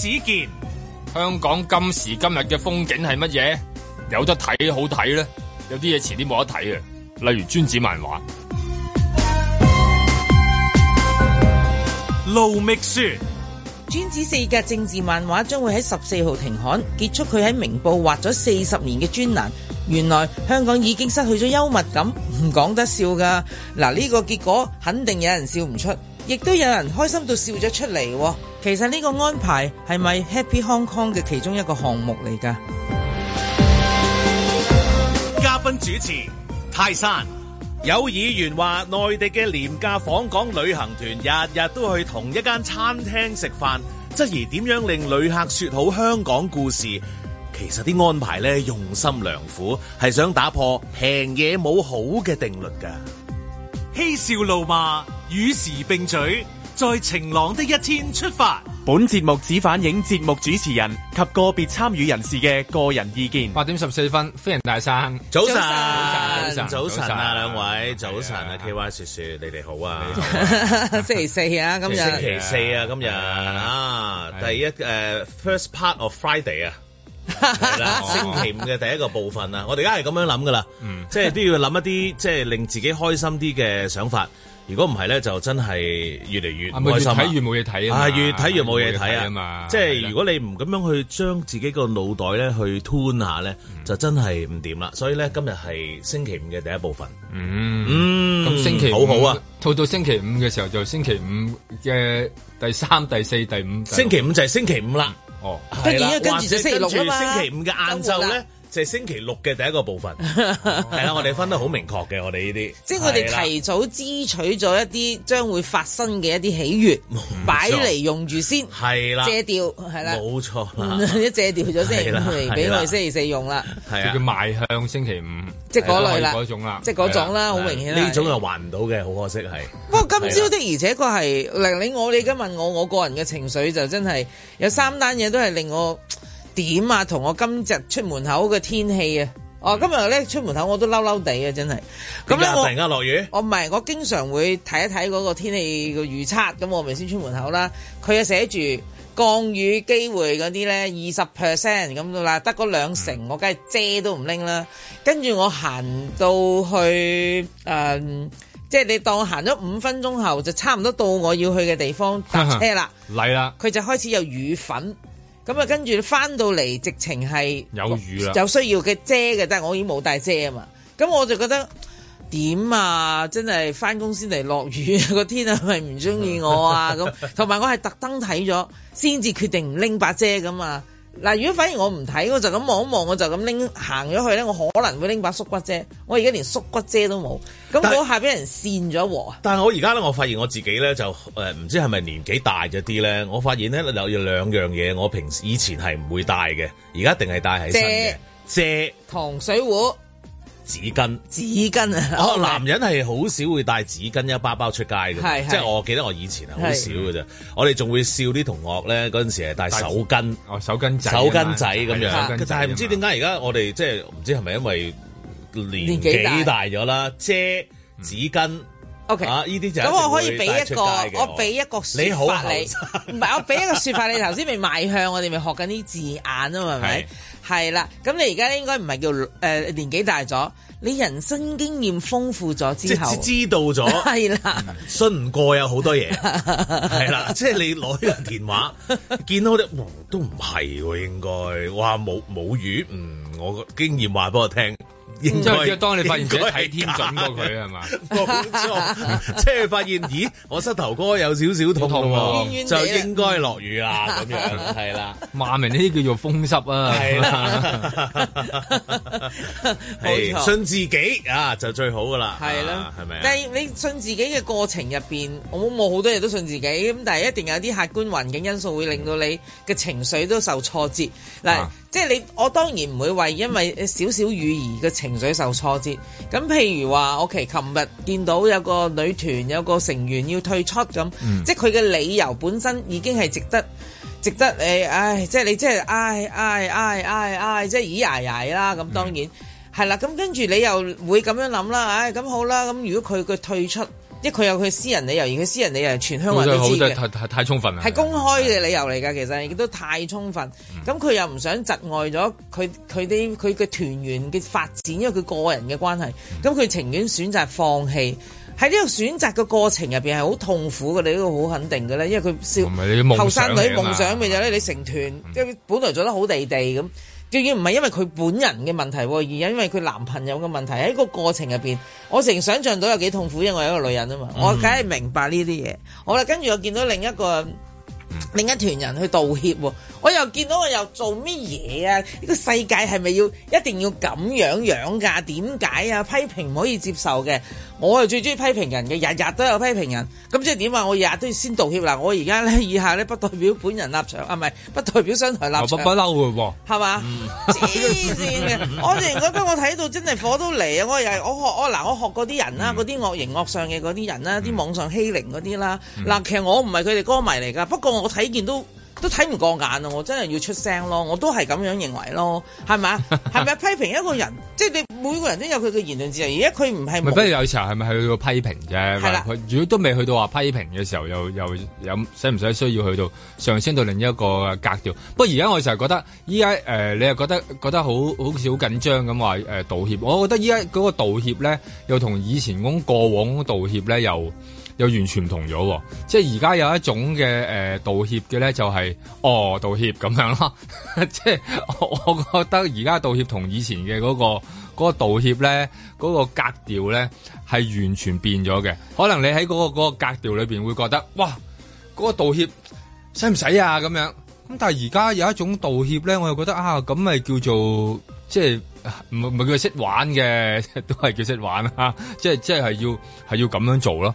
只見香港今時今日嘅風景係乜嘢？有得睇好睇咧，有啲嘢遲啲冇得睇啊！例如專子漫畫，路覓書，專子四格政治漫畫將會喺十四號停刊，結束佢喺明報畫咗四十年嘅專欄。原來香港已經失去咗幽默感，唔講得笑噶。嗱，呢個結果肯定有人笑唔出。亦都有人開心到笑咗出嚟，其實呢個安排係咪 Happy Hong Kong 嘅其中一個項目嚟㗎？嘉賓主持泰山有議員話，內地嘅廉價訪港旅行團日日都去同一間餐廳食飯，質疑點樣令旅客說好香港故事。其實啲安排呢，用心良苦，係想打破平嘢冇好嘅定律㗎。嬉笑怒罵，與時並舉，在晴朗的一天出發。本節目只反映節目主持人及個別參與人士嘅個人意見。八點十四分，非常大生，早晨，早晨，早晨，早晨啊，兩位，早晨啊 KY 雪雪，你哋好啊，星期四啊，今日，星期四啊，今日啊，第一誒，First Part of Friday 啊。星期五嘅第一個部分啊，我哋而家係咁樣諗噶啦，即係都要諗一啲即係令自己開心啲嘅想法。如果唔係咧，就真係越嚟越唔開心啊！越睇越冇嘢睇啊！越睇越冇嘢睇啊嘛！即係如果你唔咁樣去將自己個腦袋咧去吞下咧，就真係唔掂啦。所以咧，今日係星期五嘅第一部分。咁星期五好好啊，到到星期五嘅時候就星期五嘅第三、第四、第五。星期五就係星期五啦。哦，跟不如跟住就星期五嘅晏晝咧。就係星期六嘅第一個部分，係啦，我哋分得好明確嘅，我哋呢啲，即係我哋提早支取咗一啲將會發生嘅一啲喜悅，擺嚟用住先，係啦，借掉，係啦，冇錯啦，一借掉咗先嚟俾我哋星期四用啦，係啊，叫邁向星期五，即係嗰類啦，嗰種啦，即係嗰種啦，好明顯，呢種又還唔到嘅，好可惜係。不過今朝的而且確係，嗱你我哋而家問我，我個人嘅情緒就真係有三單嘢都係令我。點啊，同我今日出門口嘅天氣啊！哦、啊，今日咧出門口我都嬲嬲地啊，真係。咁咧兩成呀落雨？我唔係，我經常會睇一睇嗰個天氣嘅預測。咁我咪先出門口啦。佢又寫住降雨機會嗰啲咧二十 percent 咁到啦，得嗰兩成，嗯、我梗係遮都唔拎啦。跟住我行到去誒、嗯，即係你當行咗五分鐘後，就差唔多到我要去嘅地方搭車啦。嚟啦 了！佢就開始有雨粉。咁啊，跟住翻到嚟，直情係有雨啦，有需要嘅遮嘅，但係我已經冇帶遮啊嘛。咁我就覺得點啊，真係翻公司嚟落雨，個 天係咪唔中意我啊？咁同埋我係特登睇咗，先至決定唔拎把遮噶嘛。嗱，如果反而我唔睇，我就咁望一望，我就咁拎行咗去咧，我可能會拎把縮骨遮，我而家連縮骨遮都冇，咁但我下俾人跣咗喎。但係我而家咧，我發現我自己咧就誒，唔知係咪年紀大咗啲咧？我發現咧有兩樣嘢，我平時以前係唔會帶嘅，而家定係帶喺身嘅。遮同借水壺。紙巾，紙巾啊！哦，男人係好少會帶紙巾一包包出街嘅，係係即係我記得我以前係好少嘅啫。係係我哋仲會笑啲同學咧，嗰陣時係帶手巾，哦，手巾仔手巾仔咁樣。但係唔知點解而家我哋即係唔知係咪因為年紀大咗啦，嗯、遮紙巾。O K，依啲就咁我可以俾一個，我俾一個説法你。唔係，我俾一個説法你。頭先咪賣向我哋，咪學緊啲字眼吖嘛，係咪？係啦。咁你而家應該唔係叫誒年紀大咗，你人生經驗豐富咗之後，即知道咗。係啦，信唔過有好多嘢。係啦，即係你攞呢個電話，見到咧，都唔係喎。應該，哇冇冇語。嗯，我經驗話俾我聽。然之後，當你發現自己睇天準過佢係嘛，即係發現咦，我膝頭哥有少少痛，就應該落雨啦咁樣，係啦。馬明呢啲叫做風濕啊，係啦。信自己啊，就最好噶啦，係啦，係咪？但係你信自己嘅過程入邊，我冇好多嘢都信自己，咁但係一定有啲客觀環境因素會令到你嘅情緒都受挫折嗱。即係你，我當然唔會為因為少少雨兒嘅情緒受挫折。咁譬如話，OK，琴日見到有個女團有個成員要退出咁，即係佢嘅理由本身已經係值得，值得你，唉，即係你即係唉唉唉唉唉，即係咿呀呀啦。咁當然係啦。咁跟住你又會咁樣諗啦。唉，咁好啦。咁如果佢嘅退出，因為佢有佢私人理由，而佢私人理由全香港人都知嘅。係太太太充分啦。係公開嘅理由嚟㗎，其實亦都太充分。咁佢、嗯、又唔想窒礙咗佢佢啲佢嘅團員嘅發展，因為佢個人嘅關係。咁佢情願選擇放棄。喺呢個選擇嘅過程入邊係好痛苦嘅，你呢都好肯定嘅咧。因為佢少後生女夢想嘅嘢咧，你成團即係、嗯、本來做得好地地咁。究竟唔係因為佢本人嘅問題，而係因為佢男朋友嘅問題。喺個過程入邊，我成想象到有幾痛苦，因為我係一個女人啊嘛，我梗係明白呢啲嘢。嗯、好啦，跟住我見到另一個另一團人去道歉。我又見到我又做乜嘢啊？呢、這個世界係咪要一定要咁樣樣噶、啊？點解啊？批評唔可以接受嘅，我係最中意批評人嘅，日日都有批評人。咁即係點話？我日日都要先道歉嗱。我而家咧以下咧不代表本人立場啊，唔係不代表商台立場。不不嬲嘅喎，係嘛吧？黐線嘅、嗯，我突然間我睇到真係火都嚟啊！我又我學我嗱，我學嗰啲人啦，嗰啲、嗯、惡形惡相嘅嗰啲人啦，啲網上欺凌嗰啲啦。嗱、嗯，其實我唔係佢哋歌迷嚟噶，不過我睇見都。都睇唔過眼啊！我真係要出聲咯，我都係咁樣認為咯，係咪啊？係咪 批評一個人？即係你每個人都有佢嘅言論自由。而家佢唔係，咪不如有時候係咪去批評啫？係啦的。如果都未去到話批評嘅時候，又又有使唔使需要去到上升到另一個格調？不過而家我成日覺、呃、覺得，依家誒，你又覺得覺得好好似好緊張咁話誒道歉。我覺得依家嗰個道歉咧，又同以前嗰過往道歉咧又。又完全唔同咗，即係而家有一種嘅誒、呃、道歉嘅咧，就係、是、哦道歉咁樣啦。 即係我，我覺得而家道歉同以前嘅嗰、那個、那個道歉咧，嗰、那個格調咧係完全變咗嘅。可能你喺嗰、那個、那個格調裏邊會覺得，哇，嗰、那個道歉使唔使啊？咁樣咁，但係而家有一種道歉咧，我又覺得啊，咁咪叫做即係唔唔係叫識玩嘅，都係叫識玩啊，即係即係係要係要咁樣做咯。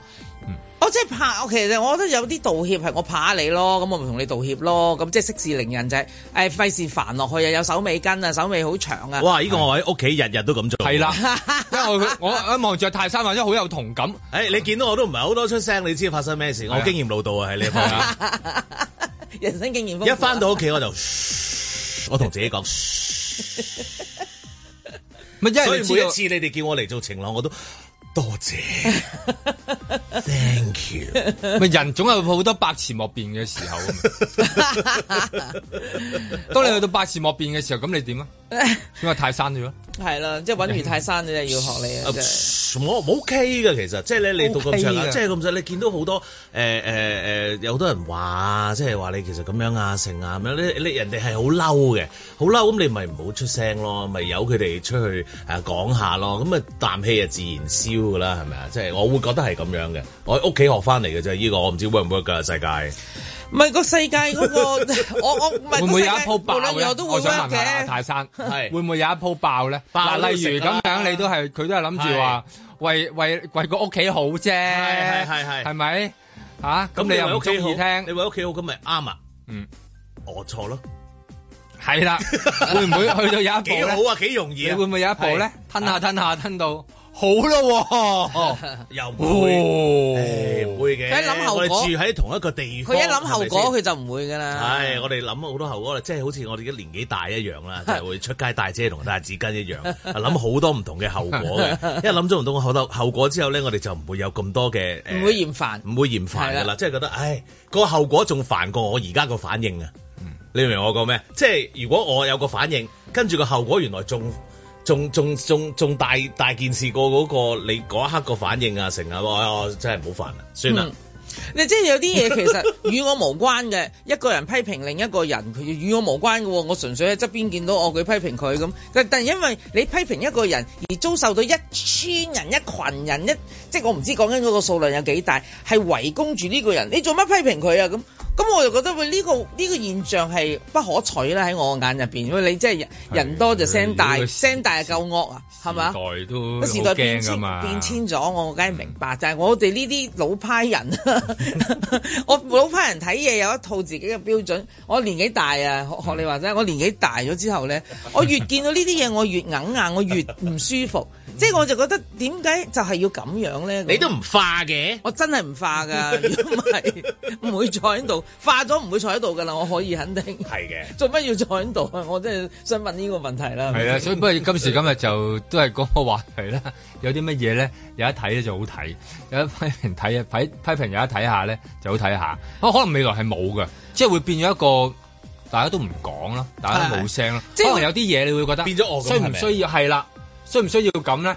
我即係怕，我其實我覺得有啲道歉係我怕你咯，咁我咪同你道歉咯，咁即係息事寧人啫。誒、呃，費事煩落去啊，有手尾跟啊，手尾好長啊。哇！呢、這個我喺屋企日日都咁做。係啦是的， 因為我，我一望着泰山，或者好有同感。誒、哎，你見到我都唔係好多出聲，你知發生咩事？的我經驗老道啊，喺呢方面。 人生經驗。一返到屋企我就，我同自己講，因 所以每一次你哋叫我嚟做晴朗，我都。多謝 ，Thank you。人總有好多百詞莫辯嘅時候。 當你去到百詞莫辯嘅時候，咁你點啊？因為泰山啫咯。係啦， 即係穩如泰山你咧 要學你啊、就是呃。我唔 OK 嘅，其實即係咧，okay、的你讀咁長，即係咁長，你見到好多誒誒誒，有好多人話，即係話你其實咁樣啊，成啊咁樣你人哋係好嬲嘅，好嬲，咁你咪唔好出聲咯，咪由佢哋出去誒講下咯，咁啊，啖氣啊，自然消。啦，係咪啊？即係我會覺得係咁樣嘅，我屋企學翻嚟嘅就啫。呢個我唔知 w 唔 w o 世界，唔係個世界嗰個，我我會唔會有一鋪爆？我都會嘅。我想問嘅。阿泰生，係會唔會有一鋪爆咧？嗱，例如咁樣，你都係佢都係諗住話為為為個屋企好啫，係咪啊？咁你又屋企好，你為屋企好咁咪啱啊？嗯，我錯咯，係啦，會唔會去到有一鋪好啊？幾容易，你會唔會有一鋪咧？吞下吞下吞到。好咯，又唔會，唔會嘅。佢一諗後果，我哋住喺同一個地方，佢一諗後果，佢就唔會噶啦。係，我哋諗好多後果啦，即係好似我哋嘅年紀大一樣啦，就係會出街帶遮同帶紙巾一樣，諗好多唔同嘅後果嘅。一諗咗唔同嘅後果之後咧，我哋就唔會有咁多嘅。唔會嫌煩，唔會嫌煩噶啦，即係覺得，唉，個後果仲煩過我而家個反應啊！你明唔明我講咩？即係如果我有個反應，跟住個後果原來仲仲仲仲仲大大件事過嗰個，你嗰一刻個反應啊，成日話、哎、我真係唔好煩啊，算啦、嗯。你即係有啲嘢其實與我無關嘅， 一個人批評另一個人，佢與我無關嘅，我純粹喺側邊見到哦，佢批評佢咁。但係因為你批評一個人而遭受到一千人、一群人一，即係我唔知講緊嗰個數量有幾大，係圍攻住呢個人，你做乜批評佢啊咁？咁我就覺得喂，呢個呢個現象係不可取啦，喺我眼入邊。喂，你真係人多就聲大，聲大就夠惡啊，係咪啊？時代都好驚㗎嘛，變遷咗，我梗係明白。就係我哋呢啲老派人，我老派人睇嘢有一套自己嘅標準。我年紀大啊，學你話齋，我年紀大咗之後咧，我越見到呢啲嘢，我越揞硬，我越唔舒服。即係我就覺得點解就係要咁樣咧？你都唔化嘅，我真係唔化㗎，唔係唔會再喺度。化咗唔會坐喺度噶啦，我可以肯定。係嘅的，做乜要坐喺度啊？我真係想問呢個問題啦。係啊，所以不過今時今日就 都係講個話題啦。有啲乜嘢咧，有得睇咧就好睇；有得批評睇一批批評有得睇下咧就好睇下。可能未來係冇噶，即係會變咗一個大家都唔講囉，大家都冇聲囉。即係可能有啲嘢你會覺得變咗我需唔需要係啦？需唔的需要咁咧？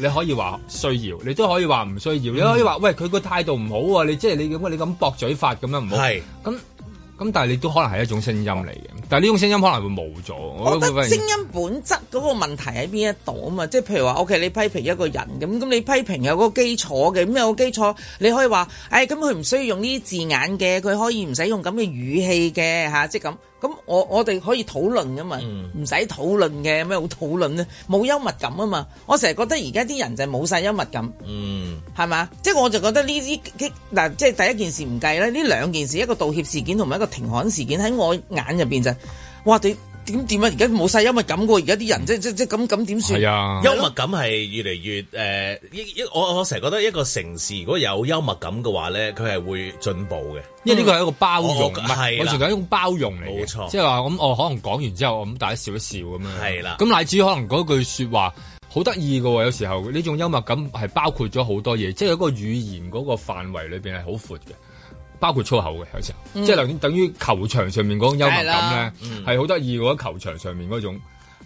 你可以話需要，你都可以話唔需要。嗯、你可以話喂佢個態度唔好啊，你即係你咁，你咁駁嘴法咁樣唔好。係咁咁，但係你都可能係一種聲音嚟嘅。但係呢種聲音可能會冇咗。我覺得聲音本質嗰個問題喺邊一度啊？嘛、嗯，即係譬如話 OK，你批評一個人咁，咁你批評有個基礎嘅，咁有個基礎，個基礎你可以話誒，咁佢唔需要用呢啲字眼嘅，佢可以唔使用咁嘅語氣嘅嚇、啊，即係咁。咁我我哋可以討論噶嘛？唔使、mm. 討論嘅，咩好討論呢？冇幽默感啊嘛！我成日覺得而家啲人就冇晒幽默感，係嘛、mm.？即係我就覺得呢啲嗱，即係第一件事唔計啦，呢兩件事一個道歉事件同埋一個停刊事件喺我眼入邊就係，哇！對。點點啊！而家冇晒幽默感喎，而家啲人即即即咁咁點算？啊啊、幽默感係越嚟越誒，一、呃、一我我成日覺得一個城市如果有幽默感嘅話咧，佢係會進步嘅。因為呢個係一個包容，係、哦、啦，全係一種包容嚟嘅。冇錯錯，即係話咁，我、嗯哦、可能講完之後，我咁大家笑一笑咁樣。係啦，咁乃至可能嗰句說話好得意噶，有時候呢種幽默感係包括咗好多嘢，即、就、係、是、一個語言嗰個範圍裏邊係好闊嘅。包括粗口嘅有時候，即係等於球場上面嗰種幽默感咧，係好得意喎！球場上面嗰種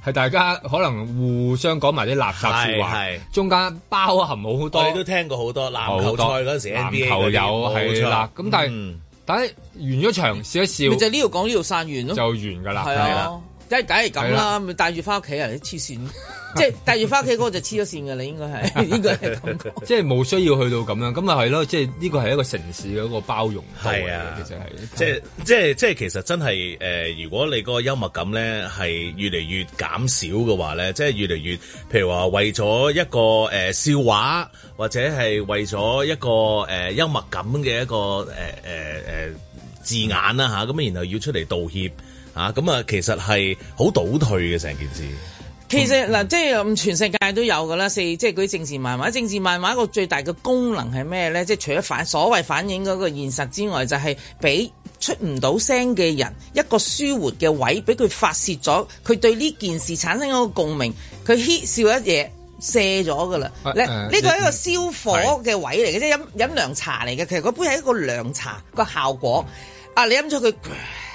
係大家可能互相講埋啲垃圾説話，中間包含好多，都聽過好多籃球賽嗰陣時 NBA 係啦。咁但係，但係完咗場笑一笑，就呢度講呢度散完咯，就完㗎啦。梗係咁啦，咪帶住翻屋企啊！黐線， 即係帶住翻屋企嗰個就黐咗線嘅啦，應該係，應該係咁。即係冇需要去到咁樣，咁咪係咯。即係呢個係一個城市嘅一個包容。係啊，其實係，即係即係即係，其實真係誒，如果你嗰個幽默感咧係越嚟越減少嘅話咧，即係越嚟越，譬如話為咗一個誒笑話，或者係為咗一個誒幽默感嘅一個誒誒誒字眼啦吓，咁然後要出嚟道歉。啊，咁啊，其實係好倒退嘅成件事。其實嗱，嗯、即係全世界都有噶啦，四即係嗰啲政治漫畫。政治漫畫一個最大嘅功能係咩咧？即係除咗反所謂反映嗰個現實之外，就係、是、俾出唔到聲嘅人一個舒活嘅位，俾佢發泄咗。佢對呢件事產生一個共鳴，佢嘻笑一嘢卸咗噶啦。嗱，呢個、啊啊、來係一個消火嘅位嚟嘅，即係、啊、是飲飲涼茶嚟嘅。其實嗰杯係一個涼茶個效果。啊，你飲咗佢。啊啊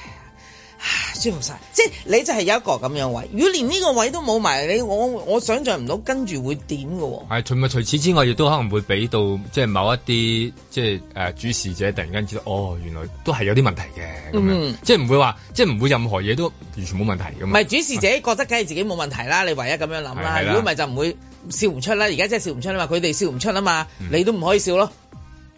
舒服晒，即係你就係有一個咁樣位，如果連呢個位都冇埋，你我我想象唔到跟住會點嘅、哦。係，除埋除此之外，亦都可能會俾到即係某一啲即係誒、啊、主事者突然間知道，哦，原來都係有啲問題嘅，咁樣、嗯、即係唔會話，即係唔會任何嘢都完全冇問題。唔係、嗯、主事者覺得梗係自己冇問題啦，你唯一咁樣諗啦。如果唔係就唔會笑唔出啦。而家真係笑唔出啊嘛，佢哋笑唔出啊嘛，嗯、你都唔可以笑咯。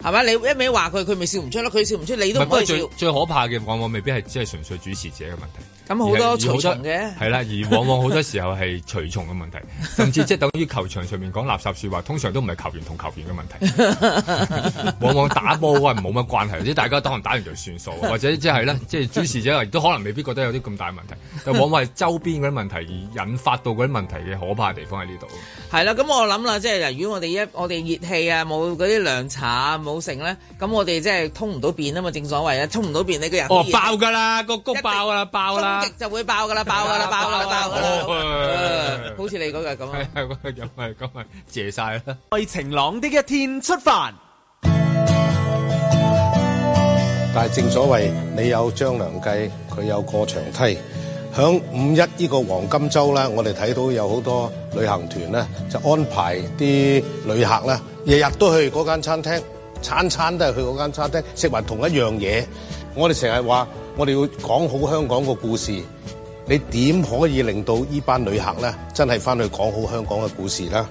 係嘛？你一味話佢，佢咪笑唔出咯？佢笑唔出，你都唔該笑。最可怕嘅往往未必係，只係純粹主持者嘅問題。咁好是多隨從嘅係啦，而往往好多時候係隨從嘅問題， 甚至即係等於球場上面講垃圾說話，通常都唔係球員同球員嘅問題。 往往打波係冇乜關係，即大家打完打完就算數，或者即係咧，即係主持者都可能未必覺得有啲咁大問題。但往往係周邊嗰啲問題而引發到嗰啲問題嘅可怕地方喺呢度。係啦、 啊，咁我諗啦，即係如果我哋一我哋熱氣啊，冇嗰啲涼茶、啊。冇成咧，咁我哋即係通唔到便啊嘛！正所謂啊，通唔到便呢個人哦爆噶啦，個谷爆噶啦，爆啦，就會爆噶啦，爆噶啦，爆啦，爆啦，好似你講嘅咁啊，係啊，又咪咁咪謝晒啦！在晴朗的一天出發，但係正所謂你有張良計，佢有過牆梯。響五一呢個黃金周啦，我哋睇到有好多旅行團咧，就安排啲旅客咧，日日都去嗰間餐廳。餐餐都係去間餐廳食埋同一樣嘢，我哋成日話我哋要講好香港個故事，你點可以令到依班旅客咧真係翻去講好香港嘅故事啦？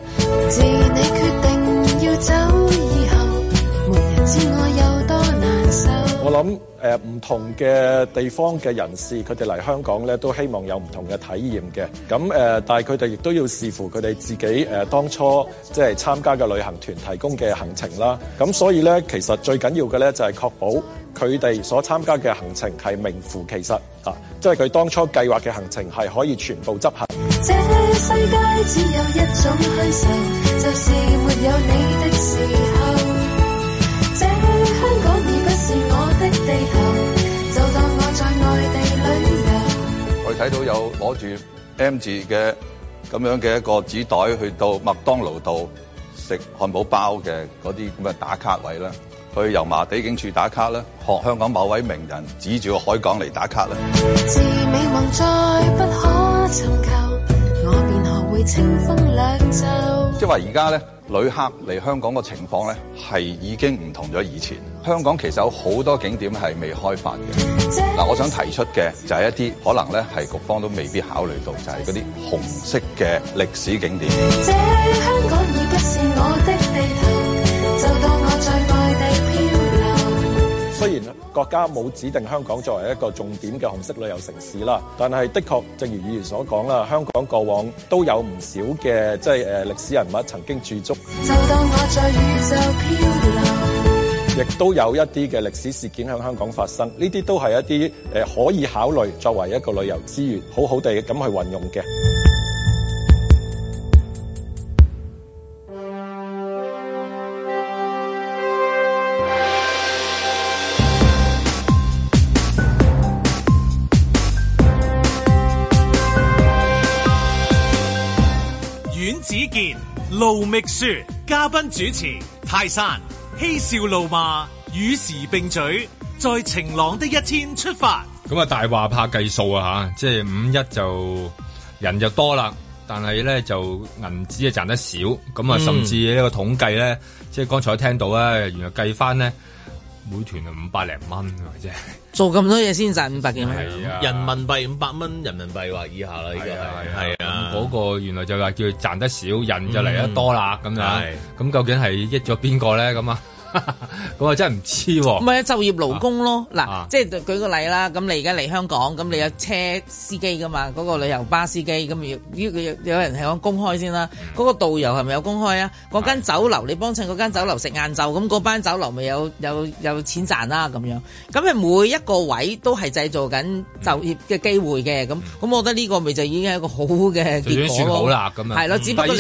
我諗誒，唔同嘅地方嘅人士，佢哋嚟香港咧都希望有唔同嘅體驗嘅。咁誒、呃，但係佢哋亦都要視乎佢哋自己誒、呃、當初即係參加嘅旅行團提供嘅行程啦。咁所以咧，其實最緊要嘅咧就係確保佢哋所參加嘅行程係名副其實啊，即係佢當初計劃嘅行程係可以全部執行。這世界只有有一種就是沒有你的事睇到有攞住 M 字嘅咁樣嘅一個紙袋去到麥當勞度食漢堡包嘅啲咁嘅打卡位啦，去油麻地警署打卡啦，學香港某位名人指住個海港嚟打卡啦。自美夢再不可尋求，我便學會清風兩袖。即係話而家咧，旅客嚟香港個情況咧係已經唔同咗以前。香港其實有好多景點係未開發嘅，嗱，我想提出嘅就係一啲可能咧係局方都未必考慮到，就係嗰啲紅色嘅歷史景點。這香港已不是我的地頭，就當我在外地漂流。雖然國家冇指定香港作為一個重點嘅紅色旅遊城市啦，但係的確，正如議員所講啦，香港過往都有唔少嘅即係誒歷史人物曾經駐足。就當我在宇宙漂流。亦都有一啲嘅歷史事件喺香港發生，呢啲都係一啲誒可以考慮作為一個旅遊資源，好好地咁去運用嘅。阮子健、盧覓雪，嘉賓主持泰山。嬉笑怒罵，與時並舉，在晴朗的一天出發。咁啊，大話怕計數啊吓，即係五一就人就多啦，但係咧就銀紙啊賺得少。咁啊，甚至呢個統計咧，嗯、即係剛才聽到咧，原來計返咧，每團啊五百零蚊啊，做咁多嘢先賺五百幾蚊，啊、人民幣五百蚊人民幣或以下啦，已經係係啊，嗰、啊啊啊、個原來就話叫賺得少，人就嚟得多啦，咁樣，係、咁究竟係益咗邊個咧？咁啊？咁 啊，真係唔知喎。唔係啊，就業勞工咯。嗱、啊，即係舉個例啦。咁你而家嚟香港，咁你有車司機噶嘛？嗰、那個旅遊巴司機，咁要呢個有人係講公開先啦。嗰、那個導遊係咪有公開啊？嗰間酒樓，你幫襯嗰間酒樓食晏晝，咁嗰班酒樓咪有有有錢賺啦？咁樣，咁你每一個位都係製造緊就業嘅機會嘅。咁、嗯，咁我覺得呢個咪就已經係一個好嘅結果咯。已經算好啦，咁樣，係咯，只不過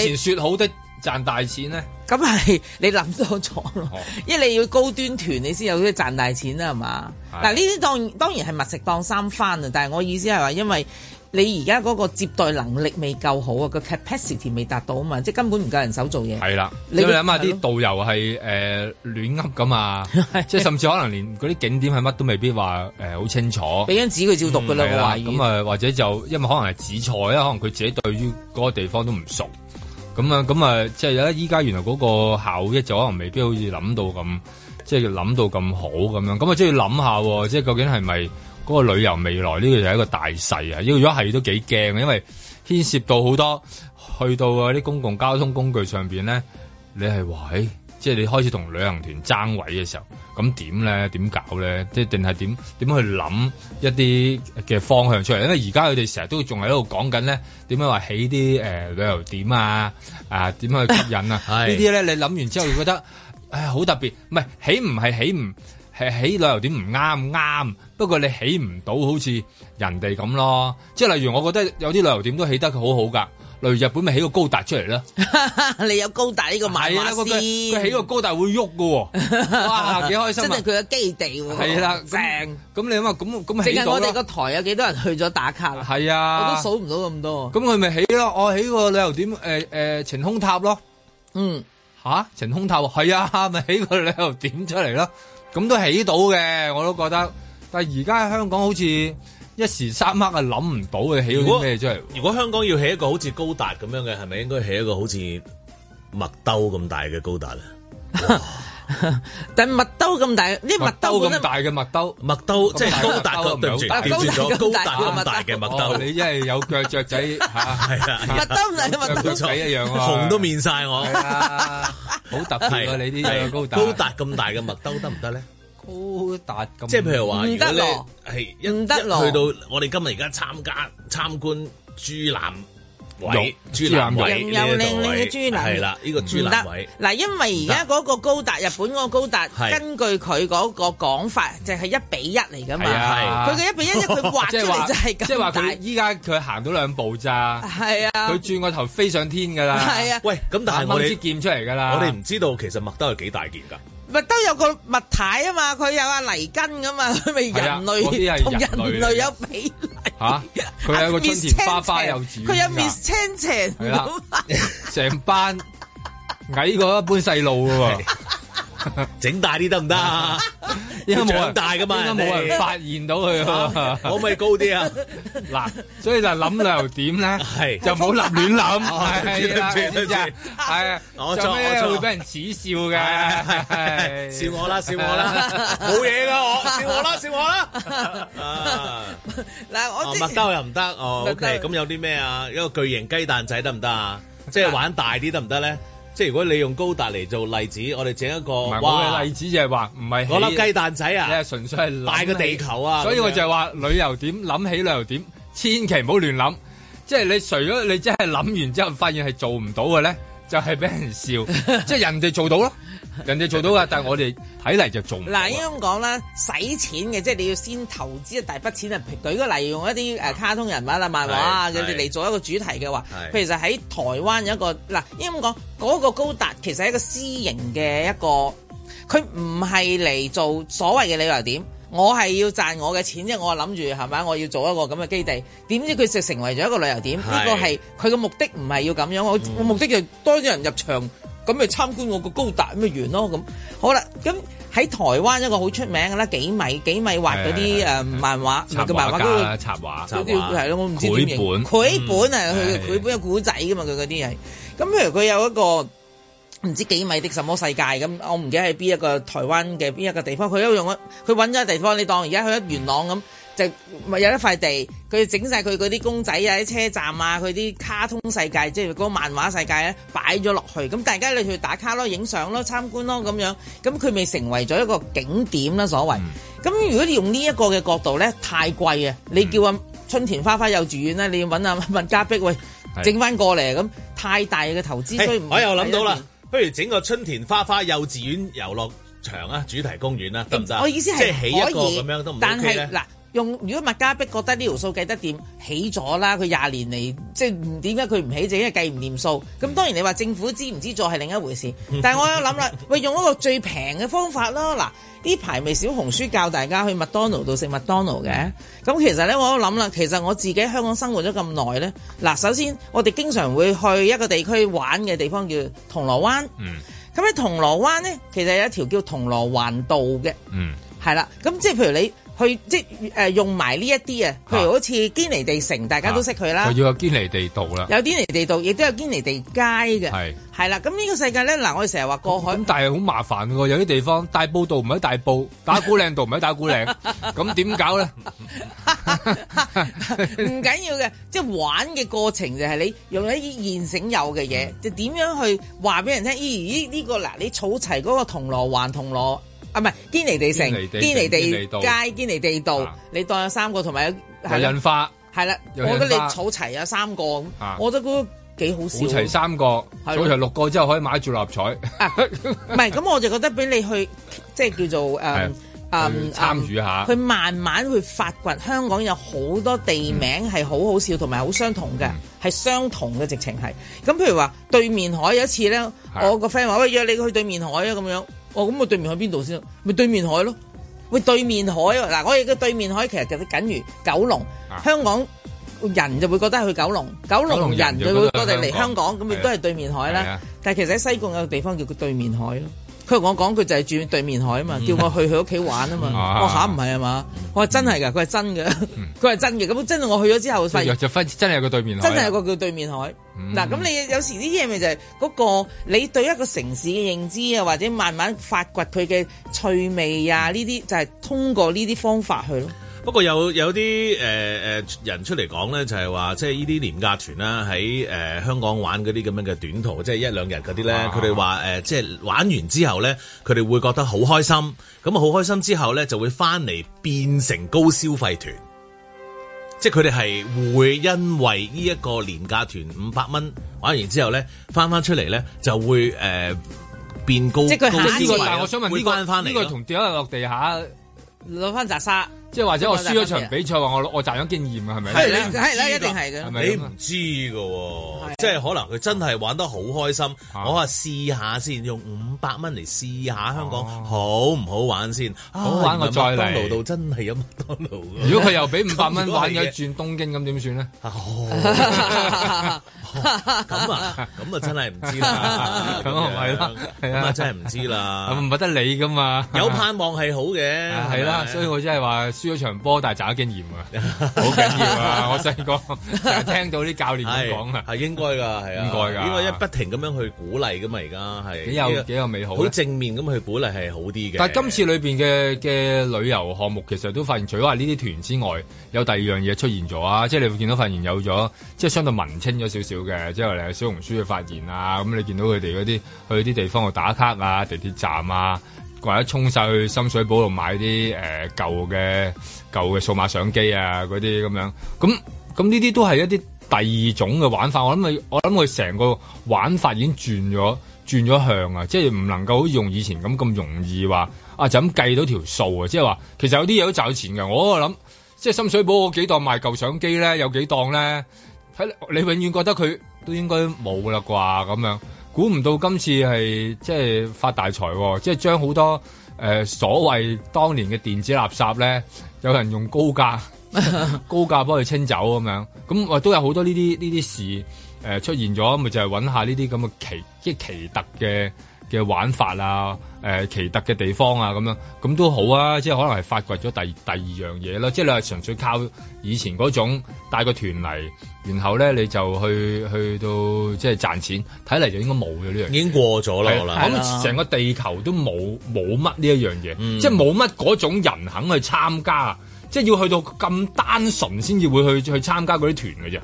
你。賺大錢咧？咁係你諗多咗咯，因為、哦、你要高端團，你先有啲賺大錢啦，係嘛？嗱的，呢啲當然當然係物極當三番啊！但係我意思係話，因為你而家嗰個接待能力未夠好啊，個 capacity 未達到啊嘛，即係根本唔夠人手做嘢。係啦的，你諗下啲導遊係誒亂噏噶嘛，的即係甚至可能連嗰啲景點係乜都未必話誒好清楚，俾張紙佢照讀㗎啦咁啊，或者就因為可能係指錯啊，可能佢自己對於嗰個地方都唔熟。咁啊，咁啊、嗯嗯，即係咧，依家原來嗰個效益就可能未必好似諗到咁，即係諗到咁好咁樣，咁啊，即係要諗下，即係究竟係咪嗰個旅遊未來呢個就係一個大勢啊！呢個如果係都幾驚嘅，因為牽涉到好多去到啊啲公共交通工具上邊咧，你係話喂。欸即係你開始同旅行團爭位嘅時候，咁點咧？點搞咧？即係定係點點去諗一啲嘅方向出嚟？因為而家佢哋成日都仲喺度講緊咧，點樣話起啲誒、呃、旅遊點啊？啊、呃，點樣去吸引啊？啊呢啲咧你諗完之後，會覺得誒好特別。唔係起唔係起唔係起，起旅遊點唔啱啱。不過你起唔到好似人哋咁咯。即係例如，我覺得有啲旅遊點都起得好好㗎。例如日本咪起個高達出嚟咧？你有高達呢個賣點？佢起個高達會喐㗎喎，哇，幾開心！真係佢個基地喎，係啦，正。咁你諗下，咁咁起到？淨係我哋個台有幾多人去咗打卡啦？係啊，我都數唔到咁多。咁佢咪起咯？我起個旅遊點誒誒晴空塔咯。嗯，吓晴空塔係啊，咪起個旅遊點出嚟咯。咁都起到嘅，我都覺得。但係而家香港好似。一時三刻啊，諗唔到佢起咗咩，真係。如果香港要起一個好似高達咁樣嘅，係咪應該起一個好似麥兜咁大嘅高達咧？但麥兜咁大，啲麥兜咁大嘅麥兜，麥兜即係高達嘅對唔住，吊住咗高達咁大嘅麥兜。你即係有腳雀仔吓，麥兜唔係麥兜仔一樣喎，紅都面晒我，好特別啊！你啲高達咁大嘅麥兜得唔得咧？高達咁，即係譬如話，唔得咯！係唔得咯！去到我哋今日而家參加參觀朱南偉，朱南偉，又靚靚嘅朱南偉，係啦，呢個朱南偉。嗱，因為而家嗰個高達，日本嗰個高達，根據佢嗰個講法，就係一比一嚟㗎嘛。係啊，佢嘅一比一，佢畫出嚟就係咁大。即係話，依家佢行到兩步咋？係啊，佢轉個頭飛上天㗎啦。係啊，喂，咁但係我哋，我哋唔知道其實麥兜係幾大件㗎。咪都有個物體啊嘛，佢有阿泥根咁嘛，佢咪人類同人類有比例。嚇，佢有個青蛇，佢有面青蛇。係啊，成、啊啊、班矮過一般細路喎。 整大啲得唔得啊？因為冇人大噶嘛，應該冇人發現到佢。可唔可以高啲啊？嗱，所以就諗就點咧？係就唔好亂亂諗。係啊，係啊，我就會俾人恥笑嘅？笑我啦，笑我啦，冇嘢，啦我。笑我啦，笑我啦。嗱，我麥兜又唔得。哦，OK。咁有啲咩啊？一個巨型雞蛋仔得唔得啊？即係玩大啲得唔得咧？即係如果你用高達嚟做例子，我哋整一個，唔係是哇我嘅例子就係話唔係我粒雞蛋仔啊，你係純粹係大個地球啊，所以我就係話旅遊點，諗起旅遊點，千祈唔好亂諗。即係你，除咗你真係諗完之後發現係做唔到嘅咧，就係、是、俾人笑。 即係人哋做到咯。人哋做到㗎，但係我哋睇嚟就做唔到。嗱，依家咁講啦，使錢嘅，即係你要先投資一大筆錢嚟。舉個例用一啲誒卡通人物啊、漫畫啊，人哋嚟做一個主題嘅話，譬是 如就喺台灣有一個，嗱，依家咁講，嗰個高達其實係一個私營嘅一個，佢唔係嚟做所謂嘅旅遊點，我係要賺我嘅錢啫。我諗住係咪我要做一個咁嘅基地，點知佢就成為咗一個旅遊點。呢是 個係佢嘅目的唔係要咁樣，我目的就多咗人入場。咁咪參觀我個高達咁咪完咯。咁，好啦，咁喺台灣一個好出名嘅啦，幾米幾米畫嗰啲誒漫畫，唔係是叫漫畫，嗰個插畫，都叫插畫係咯，我唔知本，繪本啊，佢繪、嗯、本有古仔噶嘛，佢嗰啲係，咁譬如佢有一個唔知幾米的什麼世界咁，我唔記得喺邊一個台灣嘅邊一個地方，佢都用佢揾咗個地方，你當而家去咗元朗咁。嗯就咪有一塊地，佢整曬佢嗰啲公仔啊、啲車站啊、佢啲卡通世界，即係嗰個漫畫世界咧，擺咗落去。咁大家咧去打卡咯、影相咯、參觀咯咁樣。咁佢咪成為咗一個景點啦，所謂。咁如果你用呢一個嘅角度咧，太貴啊！你叫啊春田花花幼稚園咧，你要揾啊文家碧喂整翻過嚟咁太大嘅投資，所以我又諗到啦，不如整個春田花花幼稚園遊樂場啊，主題公園啦，得唔得？我意思係起一個，可以，但係嗱。用如果麥家碧覺得呢條數計得掂，起咗啦，佢廿年嚟即係點解佢唔起？就因為計唔掂數。咁當然你話政府支唔支助係另一回事。但係我有諗啦，咪 用一個最平嘅方法咯。嗱，呢排咪小紅書教大家去麥當勞度食麥當勞嘅。咁其實咧，我都諗啦，其實我自己喺香港生活咗咁耐咧。嗱，首先我哋經常會去一個地區玩嘅地方叫銅鑼灣。嗯。咁喺銅鑼灣咧，其實有一條叫銅鑼環道嘅。嗯。係啦，咁即係譬如你。佢即係、呃、用埋呢一啲啊，譬如好似堅尼地城，的大家都識佢啦。要有堅尼地道啦，有堅尼地道，亦都有堅尼地街嘅，係啦的。咁呢個世界咧，嗱，我哋成日話過去，咁、嗯、但係好麻煩喎。有啲地方大埔道唔喺大埔，打鼓嶺道唔喺打鼓嶺，咁點 搞咧？唔 緊要嘅，即係玩嘅過程就係你用一啲現成有嘅嘢，就點、嗯、樣去話俾人聽？咦、哎、咦，呢、這個嗱，你儲齊嗰個銅鑼環銅鑼。啊，唔係堅尼地城、堅尼地街、堅尼地道，你當有三個，同埋有係印花，係啦，我覺得你儲齊有三個咁，我都估幾好笑。儲齊三個，儲齊六個之後可以買住六合彩。唔係，咁我就覺得俾你去，即係叫做誒誒，參與下。佢慢慢去發掘香港有好多地名係好好笑，同埋好相同嘅，係相同嘅，直情係。咁譬如話對面海，有一次咧，我個 friend 話喂，約你去對面海啊，咁樣。哦，咁我對面去邊度先？咪、就是、對面海咯，喂對面海喎。嗱，我哋嘅對面海其實其實僅如九龍，啊、香港人就會覺得係去九龍，九龍人就會覺得嚟香港咁，咪港都係對面海啦。但係其實喺西貢有個地方叫佢對面海咯。的佢同我講，佢就係住對面海嘛，叫我去佢屋企玩啊嘛。 我吓唔係啊嘛，我話真係噶，佢係 真嘅，佢 係真嘅。咁真係我去咗之後，分又分， 真係有個對面海，真係有個叫對面海。嗱，咁 你有時啲嘢咪就係、是、嗰、那個你對一個城市嘅認知啊，或者慢慢發掘佢嘅趣味啊，呢啲就係、是、通過呢啲方法去咯。不過有有啲誒誒人出嚟講咧，就係、是、話即係呢啲廉價團啦，喺、呃、誒香港玩嗰啲咁樣嘅短途，即係一兩日嗰啲咧。佢哋話誒，即係玩完之後咧，佢哋會覺得好開心。咁啊，好開心之後咧，就會翻嚟變成高消費團。即係佢哋係會因為呢一個廉價團五百蚊玩完之後咧，翻翻出嚟咧就會誒、呃、變高。即係佢下我、啊、想問呢個翻嚟，呢個同掉落地下攞翻雜沙。即係或者我輸咗場比賽，話我我賺咗經驗啊，係咪？係你係啦，一定係嘅。你唔知嘅喎，即係可能佢真係玩得好開心。我話試下先，用五百蚊嚟試下香港好唔好玩先。好玩我再嚟。麥當勞度真係有麥當勞。如果佢又俾五百蚊玩咗轉東京，咁點算咧？咁啊咁啊，真係唔知啦。咁啊係啦，係啊，真係唔知啦。唔得你噶嘛？有盼望係好嘅，係啦。所以我真係話。輸咗場波，但係賺咗經驗啊！好緊 要啊！我細個， 聽到啲教練講啊，係應該噶，係應該噶。因為一不停咁樣去鼓勵噶嘛，而家係幾有幾有美好，好正面咁去鼓勵係好啲嘅。但係今次裏邊嘅嘅旅遊項目，其實都發現除咗話呢啲團之外，有第二樣嘢出現咗啊！即係你會見到發現有咗，即係相對文青咗少少嘅，即係例如小紅書嘅發現啊，咁、嗯、你見到佢哋嗰啲去啲地方度打卡啊，地鐵站啊。或者沖晒去深水埗度買啲誒、呃、舊嘅舊嘅數碼相機啊，嗰啲咁樣，咁咁呢啲都係一啲第二種嘅玩法。我諗佢，我諗佢成個玩法已經轉咗轉咗向啊，即係唔能夠好似用以前咁咁容易話啊，就咁計到條數啊，即係話其實有啲嘢都賺到錢嘅。我諗即係深水埗嗰幾檔賣舊相機咧，有幾檔咧，睇你永遠覺得佢都應該冇啦啩咁樣。估唔到今次係即係發大財喎、啊！即係將好多誒、呃、所謂當年嘅電子垃圾咧，有人用高價高價幫佢清走咁樣，咁話都有好多呢啲呢啲事誒、呃、出現咗，咪就係、是、揾下呢啲咁嘅奇即係奇特嘅嘅玩法啊，誒、呃、奇特嘅地方啊，咁樣咁都好啊，即係可能係發掘咗第第二樣嘢啦。即係你係純粹靠以前嗰種帶個團嚟，然後咧你就去去到即係賺錢。睇嚟就應該冇嘅。呢樣，已經過咗啦。咁我諗成個地球都冇冇乜呢一樣嘢，嗯、即係冇乜嗰種人肯去參加，即係要去到咁單純先至會去去參加嗰啲團嘅啫。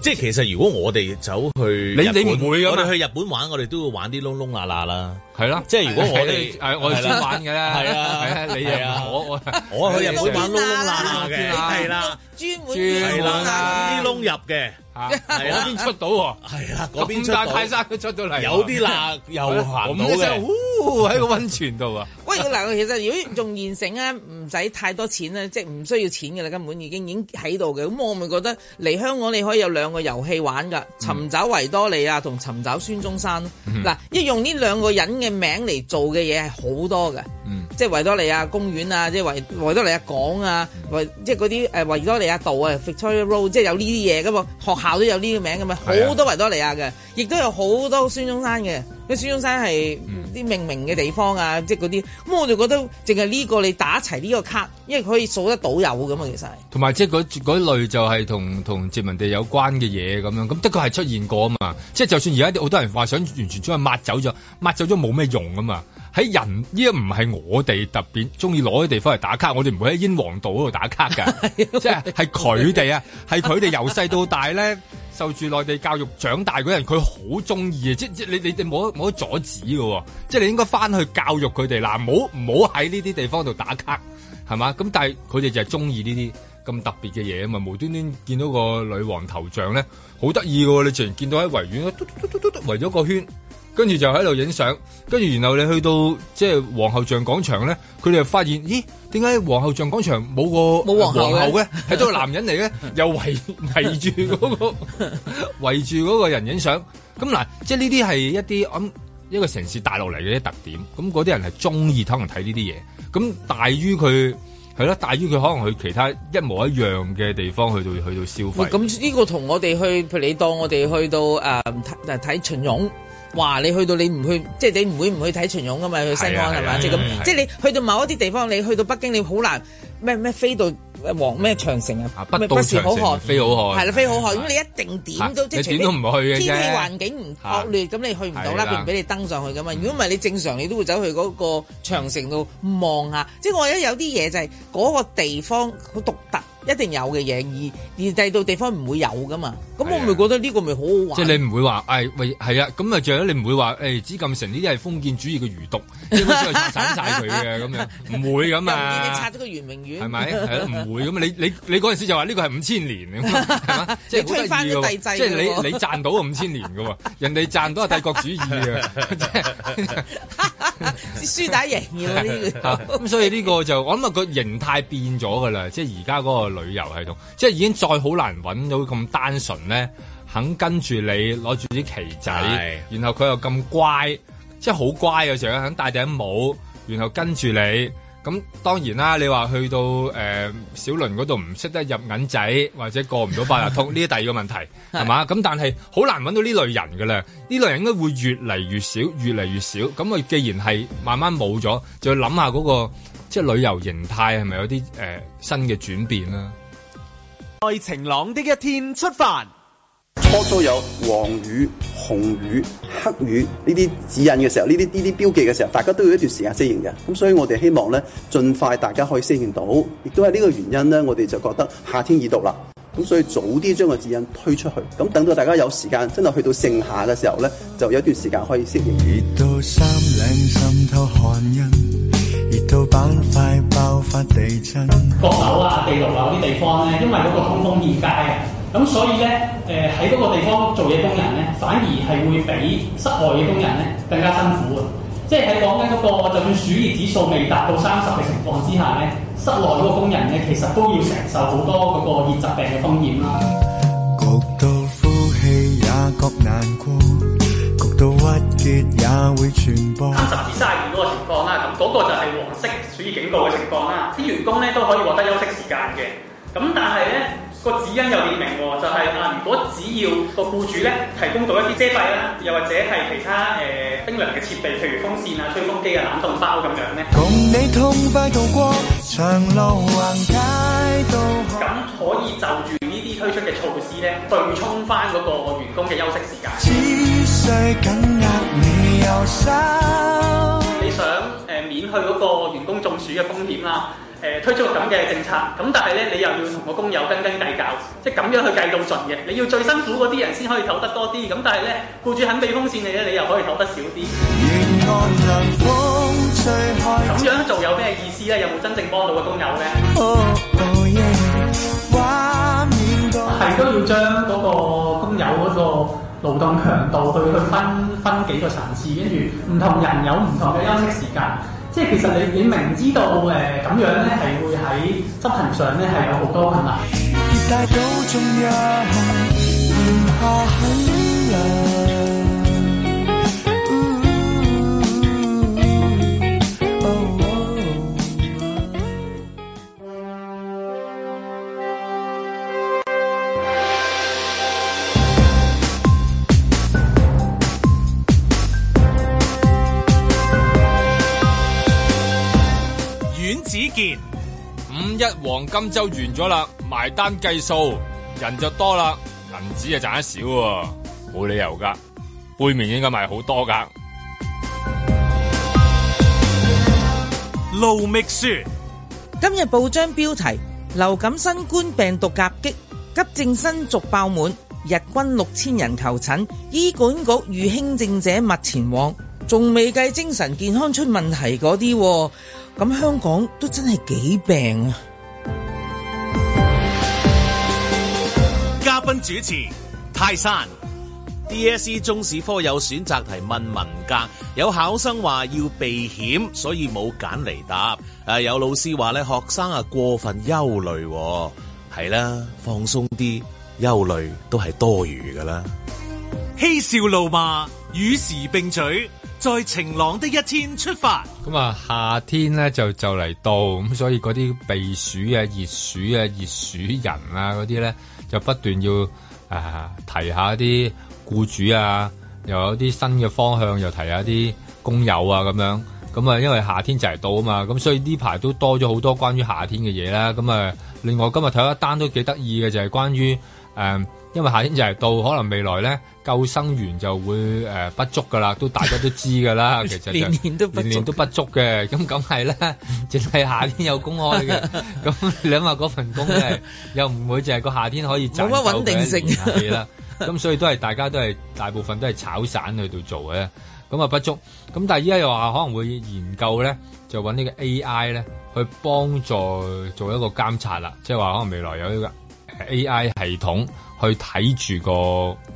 即係其實如果我哋走去，你你唔會咁？我哋去日本玩，我哋都會玩啲窿窿罅罅啦。係咯，即係如果我哋我哋自己玩嘅咧，係啊，係啊，你又我我我佢又可以玩窿罅嘅，係啦，專門專啲窿入嘅，嗰邊出到喎，係啦，嗰邊出到，五嶽泰山都出到嚟，有啲罅又行到嘅，咁嗰陣呼喺個溫泉度啊，喂嗱，其實如果仲現成啊，唔使太多錢啦，即係唔需要錢嘅啦，根本已經已經喺度嘅，咁我咪覺得嚟香港你可以有兩個遊戲玩噶，尋找維多利亞同尋找孫中山咯，嗱，一用呢兩個人嘅。嘅名嚟做嘅嘢係好多嘅，嗯，即係維多利亞公園啊，即係維維多利亞港啊，維即係嗰啲誒維多利亞道啊，Victoria Road，即係有呢啲嘢噶嘛，學校都有呢啲名噶嘛，嗯，好多維多利亞嘅，亦都有好多孫中山嘅。咁孫中山係啲命名嘅地方啊，嗯、即係嗰啲，咁我就覺得淨係呢個你打齊呢個卡，因為佢可以數得到有咁啊，其實。同埋即係嗰類就係同同殖民地有關嘅嘢咁樣，咁的確係出現過啊嘛，即係就算而家啲好多人話想完全將佢抹走咗，抹走咗冇咩用啊嘛。喺人呢？唔係我哋特別中意攞啲地方嚟打卡，我哋唔會喺英皇道嗰度打卡㗎。 即係係佢哋啊，係佢哋由細到大咧受住內地教育長大嗰人，佢好中意啊！即即你你你冇冇得阻止嘅喎？即係你應該翻去教育佢哋啦，唔好唔好喺呢啲地方度打卡係嘛？咁但係佢哋就係中意呢啲咁特別嘅嘢，咪無端端見到個女王頭像咧，好得意嘅喎！你突然見到喺維園圍咗個圈。跟住就喺度影相，跟住然後你去到即係皇后像廣場咧，佢哋就發現咦，點解皇后像廣場冇個冇皇后嘅，係多 個男人嚟嘅，又圍圍住嗰個圍住嗰個人影相。咁嗱，即係呢啲係一啲，我一個城市大陸嚟嘅一特點。咁嗰啲人係中意可能睇呢啲嘢，咁大於佢係咯，大於佢可能去其他一模一樣嘅地方去到去到消費。咁呢個同我哋去，譬如你當我哋去到誒誒睇秦俑。呃哇！你去到你唔去，即係你唔會唔去睇秦俑噶嘛？去西安係嘛？即係咁，即係你去到某一啲地方，你去到北京你好難咩咩飛到黃咩長城啊？不不好漢飛好漢係啦，飛好漢，咁你一定點都即係除非天氣環境唔惡劣，咁你去唔到啦，變俾你登上去噶嘛？如果唔係你正常你都會走去嗰個長城度望下。即係我覺得有啲嘢就係嗰個地方好獨特。一定有嘅嘢，而而第度地方唔會有噶嘛，咁、啊、我咪覺得呢個咪好好玩。即係你唔會話，誒、哎，喂、係啊，咁啊，仲有你唔會話，誒，紫禁城呢啲係封建主義嘅餘毒，一開始要拆散晒佢嘅咁樣，唔會咁 啊。你拆咗個圓明園，係咪？係咯，唔會咁啊！你你你嗰陣時就話呢個係五千年，係嘛 即係好得意，你推翻啲帝制，即係你你賺到五千年嘅喎， 人哋賺到係帝國主義啊， 輸打贏嘢啦呢個，咁所以呢個就我諗啊個形態變咗噶啦，即係而家嗰個旅遊系統，即係已經再好難揾到咁單純咧，肯跟住你攞住啲旗仔， 然後佢又咁乖，即係好乖嘅時候，佢肯戴頂帽，然後跟住你。咁當然啦，你話去到誒、呃、小輪嗰度唔識得入銀仔，或者過唔到八達通，呢啲 第二個問題係嘛？咁 但係好難揾到呢類人㗎喇，呢類人應該會越嚟越少，越嚟越少。咁佢既然係慢慢冇咗，就諗下嗰個即係旅遊形態係咪有啲誒、呃、新嘅轉變啦、啊？在晴朗的一天出發。初初有黃雨、紅雨、黑雨呢啲指引嘅時候，呢啲呢啲標記嘅時候，大家都有一段時間適應嘅。咁所以我哋希望咧，盡快大家可以適應到。亦都係呢個原因咧，我哋就覺得夏天已到啦。咁所以早啲將個指引推出去。咁等到大家有時間真係去到盛夏嘅時候咧，就有一段時間可以適應。熱到衫領滲透汗印，熱到板塊爆發地震。閣樓啊、地牢啊嗰啲地方咧、啊，因為嗰個通風欠佳啊。咁所以咧，誒喺嗰個地方做嘢工人咧，反而係會比室外嘅工人咧更加辛苦嘅。即係喺講緊嗰個，就算暑熱指數未達到三十嘅情況之下咧，室內嗰個工人咧，其實都要承受好多嗰個熱疾病嘅風險啦。呼也播三十至卅二嗰個情況啦，咁、那、嗰個就係黃色暑熱警告嘅情況啦。啲員工咧都可以獲得休息時間嘅。咁但係咧。個指引又點明喎，就係啊，如果只要個僱主咧提供到一啲遮蔽啦，又或者係其他誒、呃、冰涼嘅設備，譬如風扇啊、吹風機啊、冷凍包咁樣咧。共你痛快渡過長路橫街道。咁可以就住呢啲推出嘅措施咧，對沖翻嗰個員工嘅休息時間。只你想誒、呃、免去嗰個員工中暑嘅風險啦。誒推出個咁嘅政策，咁但係咧你又要同個工友斤斤計較，即係咁樣去計到盡嘅，你要最辛苦嗰啲人先可以唞得多啲，咁但係咧僱主肯俾風扇你咧，你又可以唞得少啲。咁樣做有咩意思咧？有冇真正幫到個工友咧？係都要將嗰個工友嗰個勞動強度，佢去分分幾個層次，跟住唔同人有唔同嘅休息時間。即係其實你你明知道誒咁，呃、樣咧，係會喺執行上咧係有好多困難。 一黃金周完咗啦，埋單計數人就多啦，銀紙就賺得少，冇理由噶，杯麵應該賣好多噶。盧覓雪今日報章標題：流感新冠病毒夾擊，急症室續爆滿，日均六千人求診，醫管局籲輕症者勿前往，仲未計精神健康出問題嗰啲，咁香港都真係幾病啊！主持泰山 DSE 中史科有選擇題問文革，有考生話要避險，所以冇揀嚟。答。誒，有老師話咧，學生啊過分憂慮，係啦，放鬆啲，憂慮都係多餘噶啦。嬉笑怒罵與時並取，在晴朗的一天出發。咁啊，夏天咧就就嚟到，咁所以嗰啲避暑啊、熱暑啊、熱暑人啊嗰啲咧。就不斷要啊提下啲僱主啊，又有啲新嘅方向，又提下啲工友啊咁樣。咁啊，因為夏天就嚟到啊嘛，咁所以呢排都多咗好多關於夏天嘅嘢啦。咁啊，另外今日睇一單都幾得意嘅，就係、是、關於誒。嗯因為夏天就嚟到，可能未來咧救生員就會誒不足噶啦，都大家都知噶啦，其實年年都年年都不足嘅。咁梗係咧淨係夏天有公開嘅，咁你諗下嗰份工咧又唔會淨係個夏天可以做，有乜穩定性？係啦，咁所以都係大家都係大部分都係炒散去到做嘅，咁啊不足，咁但係而家又話可能會研究咧，就揾呢個 AI 咧去幫助做一個監察啦，即係話可能未來有呢個。A.I. 系統去睇住個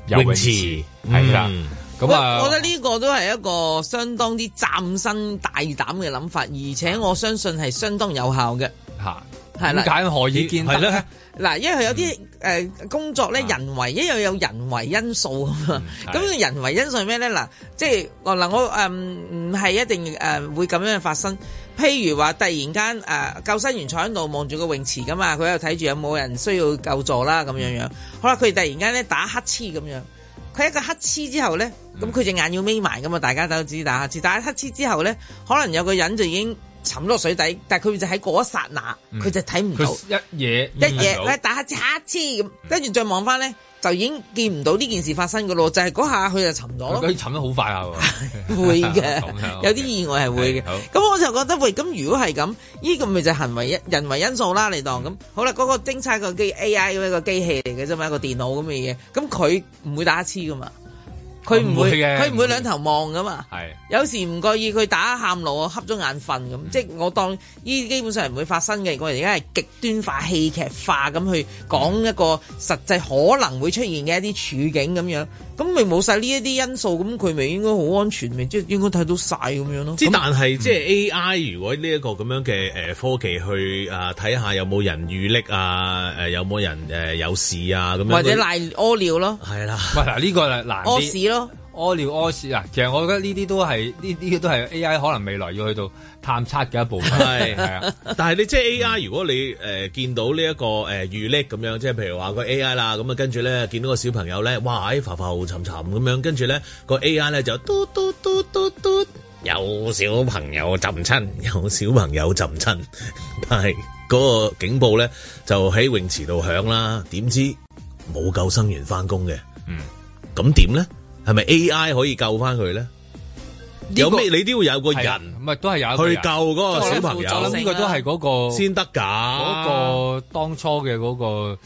游泳池係啦，咁啊，我覺得呢個都係一個相當之嶄新大膽嘅諗法，而且我相信係相當有效嘅，吓，係啦，何以見得咧？嗱，因為有啲誒工作咧人為，一樣有人為因素啊嘛，咁個人為因素係咩咧？嗱，即係，嗱，我誒唔係一定誒會咁樣發生。譬如話突然間誒、啊、救生員坐喺度望住個泳池咁啊，佢又睇住有冇人需要救助啦咁樣樣。好啦，佢突然間咧打乞嗤咁樣，佢一個乞嗤之後咧，咁佢隻眼要眯埋噶嘛，大家都知打乞嗤。打乞嗤之後咧，可能有個人就已經。沉落水底，但係佢就喺嗰一剎那，佢就睇唔到、嗯、一嘢一嘢，咧打下黐黐咁，跟住再望翻咧，就已經見唔到呢件事發生噶咯，就係、是、嗰下佢就沉咗咯。佢、嗯那個、沉得好快 的 下喎，會嘅，有啲意外係會嘅。咁 okay, 我就覺得喂，咁如果係咁，呢、這個咪就行為一人為因素啦你當。咁、嗯、好啦，嗰、那個偵察個機 A I 咁一個機器嚟嘅啫嘛，一個電腦咁嘅嘢，咁佢唔會打一黐噶嘛。佢唔會嘅，佢唔會兩頭望噶嘛。係的有時唔覺意佢打喊路啊，瞌咗眼瞓咁，嗯、即係我當呢啲基本上係唔會發生嘅。我哋而家係極端化、戲劇化咁去講一個實際可能會出現嘅一啲處境咁樣。咁咪冇晒呢一啲因素，咁佢咪應該好安全，咪即係應該睇到晒咁樣咯。即但係即係 A.I. 如果呢一個咁樣嘅誒科技去啊睇下有冇人遇溺啊，誒、啊、有冇人誒、啊、有事啊咁樣，或者瀨屙尿咯，係啦。喂的，嗱呢、 呢個係難屙屎咯。屙尿屙屎啊，all all, 其實我覺得呢啲都係呢啲都係 A I 可能未來要去到探測嘅一步，係係啊。但係你即係 A I，如果你誒見到呢一個誒預溺咁樣，即係譬如話個 A I 啦，咁啊跟住咧見到個小朋友咧，哇喺浮浮沉沉咁樣，跟住咧個 A I 咧就嘟嘟嘟嘟嘟，有小朋友浸親，有小朋友浸親，但係嗰個警報咧就喺泳池度響啦。點知冇救生員翻工嘅，咁點咧？係咪 AI 可以救翻佢咧？這個，有咩你都要有個人，唔係都係有去救個小朋友。呢個都係嗰，那個先得噶。嗰，啊那個當初嘅嗰，那個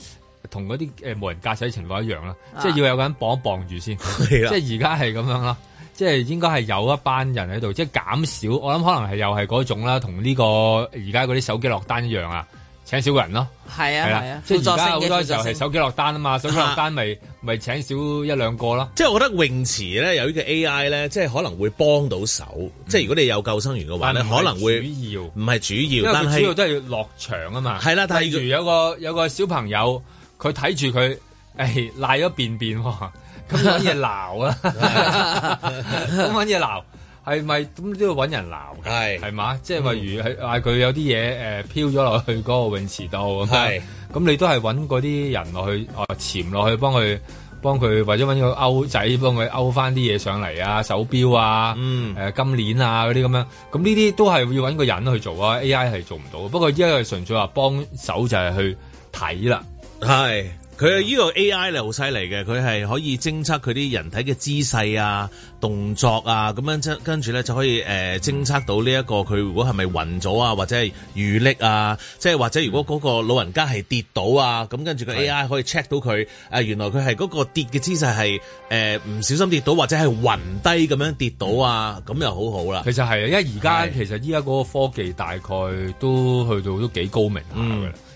同嗰啲誒無人駕駛情況一樣啦，即係要有個人綁綁住先。即係而家係咁樣啦，即係應該係有一班人喺度，即係減少。我諗可能係又係嗰種啦，同呢，這個而家嗰啲手機落單一樣啊。請少個人咯，係啊，係啊，即係而家好多時候係手機落單啊嘛，手機落單咪咪請少一兩個啦。即係我覺得泳池咧有呢個 AI 咧，即係可能會幫到手。即係如果你有救生員嘅話咧，可能會唔係主要，因為主要都係落場啊嘛。係啦，但係例如有個有個小朋友，佢睇住佢誒瀨咗便便喎，咁揾嘢鬧啊，咁揾嘢鬧。係咪咁都要揾人鬧？係是，係嘛，即係例如係嗌佢有啲嘢誒飄咗落去嗰個泳池度，係咁是你都係揾嗰啲人落去哦潛落去幫佢幫佢，為咗揾個勾仔幫佢勾翻啲嘢上嚟啊，手錶啊，誒、嗯呃、金鏈啊嗰啲咁樣，咁呢啲都係要揾個人去做啊。AI 係做唔到，不過依家係純粹話幫手就係去睇啦，係。佢呢個 AI 咧好犀利嘅，佢係可以偵測佢啲人體嘅姿勢啊、動作啊，咁樣跟跟住咧就可以誒、呃、偵測到呢、這、一個佢如果係咪暈咗啊，或者係預力啊，即係或者如果嗰個老人家係跌倒啊，咁跟住個 AI 可以 check 到佢誒是的、啊、原來佢係嗰個跌嘅姿勢係誒唔小心跌倒或者係暈低咁樣跌倒啊，咁又好好啦。其實係，因為而家是的 其實依家嗰個科技大概都去到都幾高明。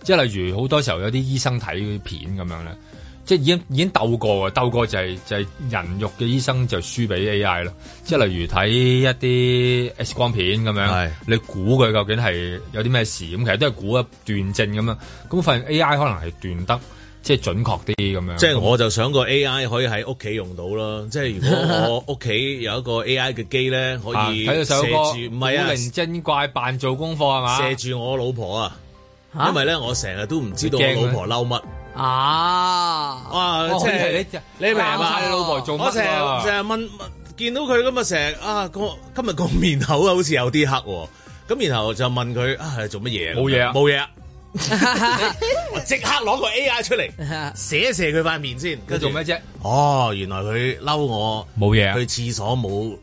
即係例如好多時候有啲醫生睇片咁樣咧，即係已經已經鬥過啊，鬥過就係、是、就係、是、人肉嘅醫生就輸俾 A I 啦。即係例如睇一啲 X 光片咁樣，是你估佢究竟係有啲咩事咁？其實都係估一斷症咁樣。咁發現 A I 可能係斷得即係、就是、準確啲咁樣。即係我就想個 A I 可以喺屋企用到啦。 即係如果我屋企有一個 A I 嘅機咧，可以睇到首歌，古靈精怪扮做功課係嘛？射住我老婆啊！因為咧，我成日都唔知道我老婆嬲乜啊！哇、啊，即、就、係、是哦、你明白，你、啊、老婆做乜？我成日成日問，見到佢咁啊，成日啊，個今日個面口好似有啲黑。咁然後就問佢啊，做乜嘢？冇嘢啊，冇嘢事啊！ 我即刻攞個 A.I. 出嚟，射一射佢塊面先。佢做咩啫？哦，原來佢嬲我冇嘢，去廁、啊、所冇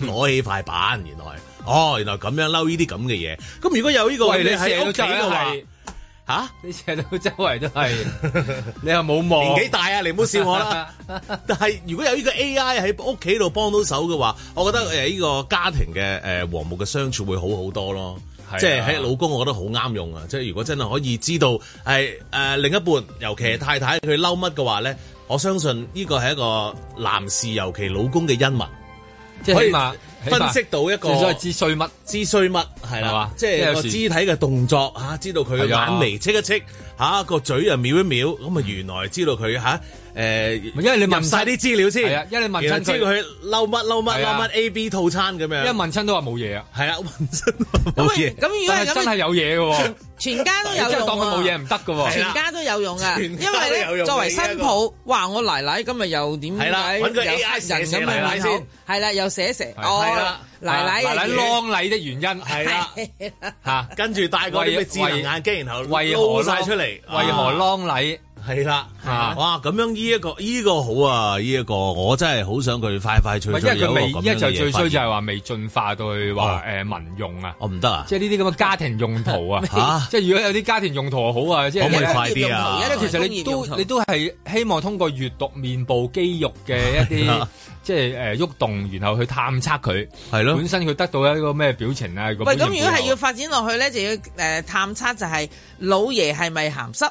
攞 起塊板，原來。哦，原來咁樣嬲呢啲咁嘅嘢，咁如果有呢、呢個，喂你喺屋企嘅話，嚇你成到、啊、到周圍都係， 你又冇望年紀大啊，你唔好笑我啦。 但係如果有呢個 AI 喺屋企度幫到手嘅話，我覺得誒呢個家庭嘅誒、呃、和睦嘅相處會好好多咯。啊、即係喺老公，我覺得好啱用啊。即係如果真係可以知道係誒、呃、另一半，尤其係太太佢嬲乜嘅話咧，我相信呢個係一個男士尤其、尤其老公嘅恩物、物。即係起碼分析到一個，碼知衰乜？知衰乜？係啦吧，即係個肢體嘅動作嚇，吧知道佢嘅眼眉戚一戚嚇，個嘴的啊，嘴又瞄一瞄，咁啊 原來知道佢嚇。啊誒，因為你問晒啲資料先，係啊，因為問親佢撈乜撈乜撈乜 AB 套餐咁樣，一問親都話冇嘢啊，係啊，問親冇嘢。咁如果係咁，真係有嘢嘅，全家都有用啊，真係當佢冇嘢唔得嘅，全家都有用啊，因為咧，作為新抱，話我奶奶今日又點，係啦，揾個 AI 人咁樣，然後係啦，又寫寫，係啦，奶奶，奶奶 long 禮的原因係啦，吓，跟住戴嗰啲咩智能眼鏡，然後 show 晒出嚟，為何 long 禮？係啦，吓哇！咁樣呢一個呢個好啊，呢一個我真係好想佢快快脆脆有一個嘅嘢，因佢未，一就最衰就係話未進化到去話誒民用啊，我唔得啊！即係呢啲咁嘅家庭用途啊，即係如果有啲家庭用途就好啊，即唔係快啲啊！而家咧，其實你都你都係希望通過閱讀面部肌肉嘅一啲，即係誒喐動，然後去探測佢係咯，本身佢得到一個咩表情啊？喂，咁如果係要發展落去咧，就要誒探測就係老爺係咪鹹濕？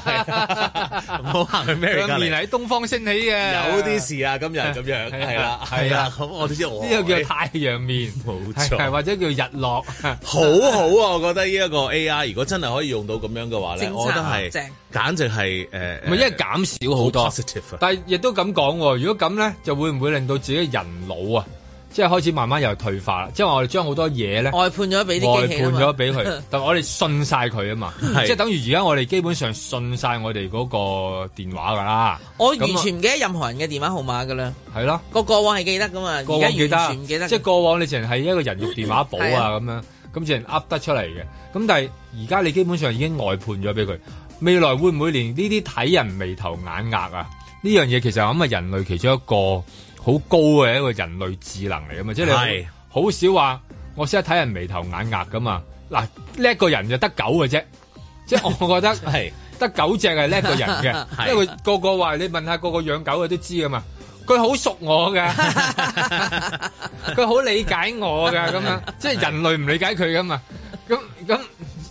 係，唔好行去 Mary 面喺東方升起嘅，有啲事啊，今日咁樣，係啦，係啦。咁我哋知我呢個叫太陽面，冇錯錯，或者叫日落， 好好啊！我覺得呢一個 AI，如果真係可以用到咁樣嘅話咧，啊、我都係正，啊、簡直係誒，係、uh, 因為減少好多，very positive. 但係亦都咁講，如果咁咧，就會唔會令到自己人老啊？即係開始慢慢又退化啦，即係我哋將好多嘢咧外判咗俾啲機器外判咗俾佢， 但我哋信晒佢啊嘛，即係 等於而家我哋基本上信晒我哋嗰個電話噶啦。 那我完全唔記得任何人嘅電話號碼噶啦。係咯、啊，個過往係記得噶嘛，而家完全唔記得。記得即係過往你淨係一個人肉電話簿啊咁 樣，咁自然噏得出嚟嘅。咁但係而家你基本上已經外判咗俾佢，未來會唔會連呢啲睇人眉頭眼額啊？呢樣嘢其實我諗啊，人類其中一個。好高嘅一個人類智能嚟噶嘛，即係你好少話我識得睇人眉頭眼額噶嘛。嗱，叻個人就得狗嘅啫，即係我覺得係得狗只係叻個人嘅，因為個個話你問下個個養狗嘅都知噶嘛，佢好熟我嘅，佢好理解我嘅咁樣，即係人類唔理解佢噶嘛。咁咁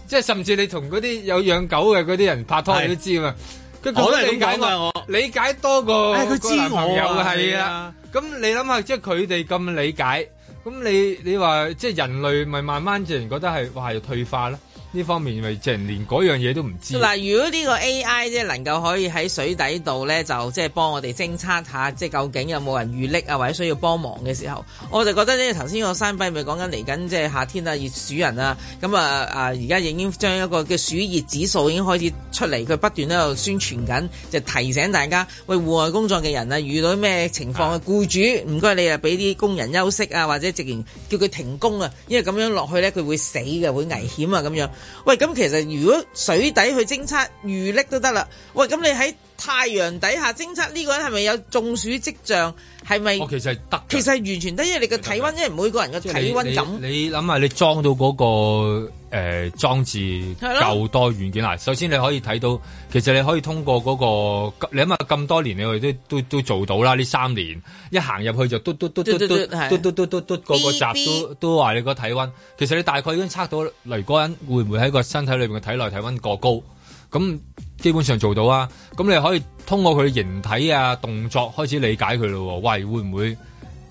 即係甚至你同嗰啲有養狗嘅嗰啲人拍拖你都知啊嘛，佢講得點解啊？我理解多過個男朋友係啊。咁你諗下，即係佢哋咁理解，咁你你話即係人類咪慢慢自然覺得係，話要退化啦？呢方面咪即係連嗰樣嘢都唔知。嗱，如果呢個 AI 即係能夠可以喺水底度咧，就即係幫我哋偵測下，即係究竟有冇人遇溺啊，或者需要幫忙嘅時候，我就覺得咧，頭先個山壁咪講緊嚟緊即係夏天啊，熱暑人啊，咁啊啊，而家已經將一個嘅暑熱指數已經開始。出嚟佢不斷喺度宣傳緊，就提醒大家：喂，戶外工作嘅人啊，遇到咩情況啊？雇、哎、主唔該，你啊俾啲工人休息啊，或者直情叫佢停工啊，因為咁樣落去咧佢會死嘅，會危險啊咁樣。喂，咁其實如果水底去偵測遇溺都得啦。喂，咁你喺太陽底下偵測呢個人係咪有中暑跡象？係咪？我其實係得，其實完全得，因為你個體溫，因為每個人嘅體溫。你你諗下，你裝到嗰、那個。誒、裝、呃、置夠多元件啦。對首先你可以睇到，其實你可以通過嗰、那個，你諗下咁多年，你都都都做到啦。呢三年一行入去就嘟嘟嘟嘟嘟嘟嘟嘟嘟嘟嘟，嗰個閘都嘟嘟都話你個體温。其實你大概已經測到嚟嗰人會唔會喺個身體裏邊嘅體內體温過高？咁、嗯、基本上做到啊。咁你可以通過佢形體啊動作開始理解佢咯。喂，會唔會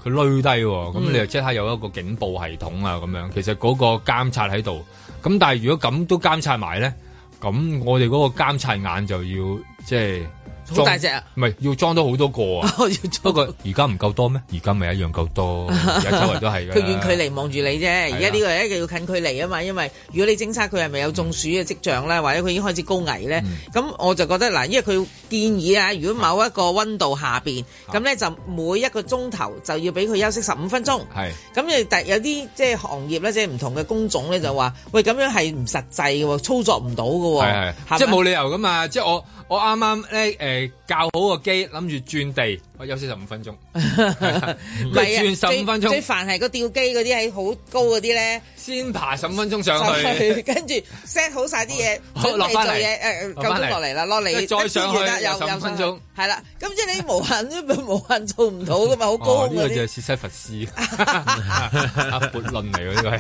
佢累低？咁你又即刻有一個警報系統啊？咁樣，其實嗰個監察喺度。咁但係如果咁都監察埋咧，咁我哋嗰個監察眼就要，即係。好大隻，唔係要裝多好多個啊？不過而家唔夠多咩？而家咪一樣夠多，周圍都係。佢遠距離望住你啫。而家呢個係要近距離啊嘛，因為如果你偵測佢係咪有中暑嘅跡象咧，或者佢已經開始高危咧，咁我就覺得嗱，因為佢建議啊，如果某一個溫度下邊，咁咧就每一個鐘頭就要俾佢休息十五分鐘。係。咁誒，但有啲即係行業咧，即係唔同嘅工種咧，就話喂，咁樣係唔實際嘅喎，操作唔到嘅喎。係係。即係冇理由噶嘛？即係我我啱啱咧誒。係較好個機，諗住轉地，我休息十五分鐘。唔係啊，最煩係個吊機嗰啲喺好高嗰啲咧，先爬十五分鐘上去，跟住 set 好晒啲嘢，落翻嚟，誒，咁落嚟啦，落嚟再上去，又十五分鐘，係啦。咁即係你無限都無限做唔到噶嘛，好高嗰啲。呢個就係薛西佛斯，阿佛論嚟噶，呢個係。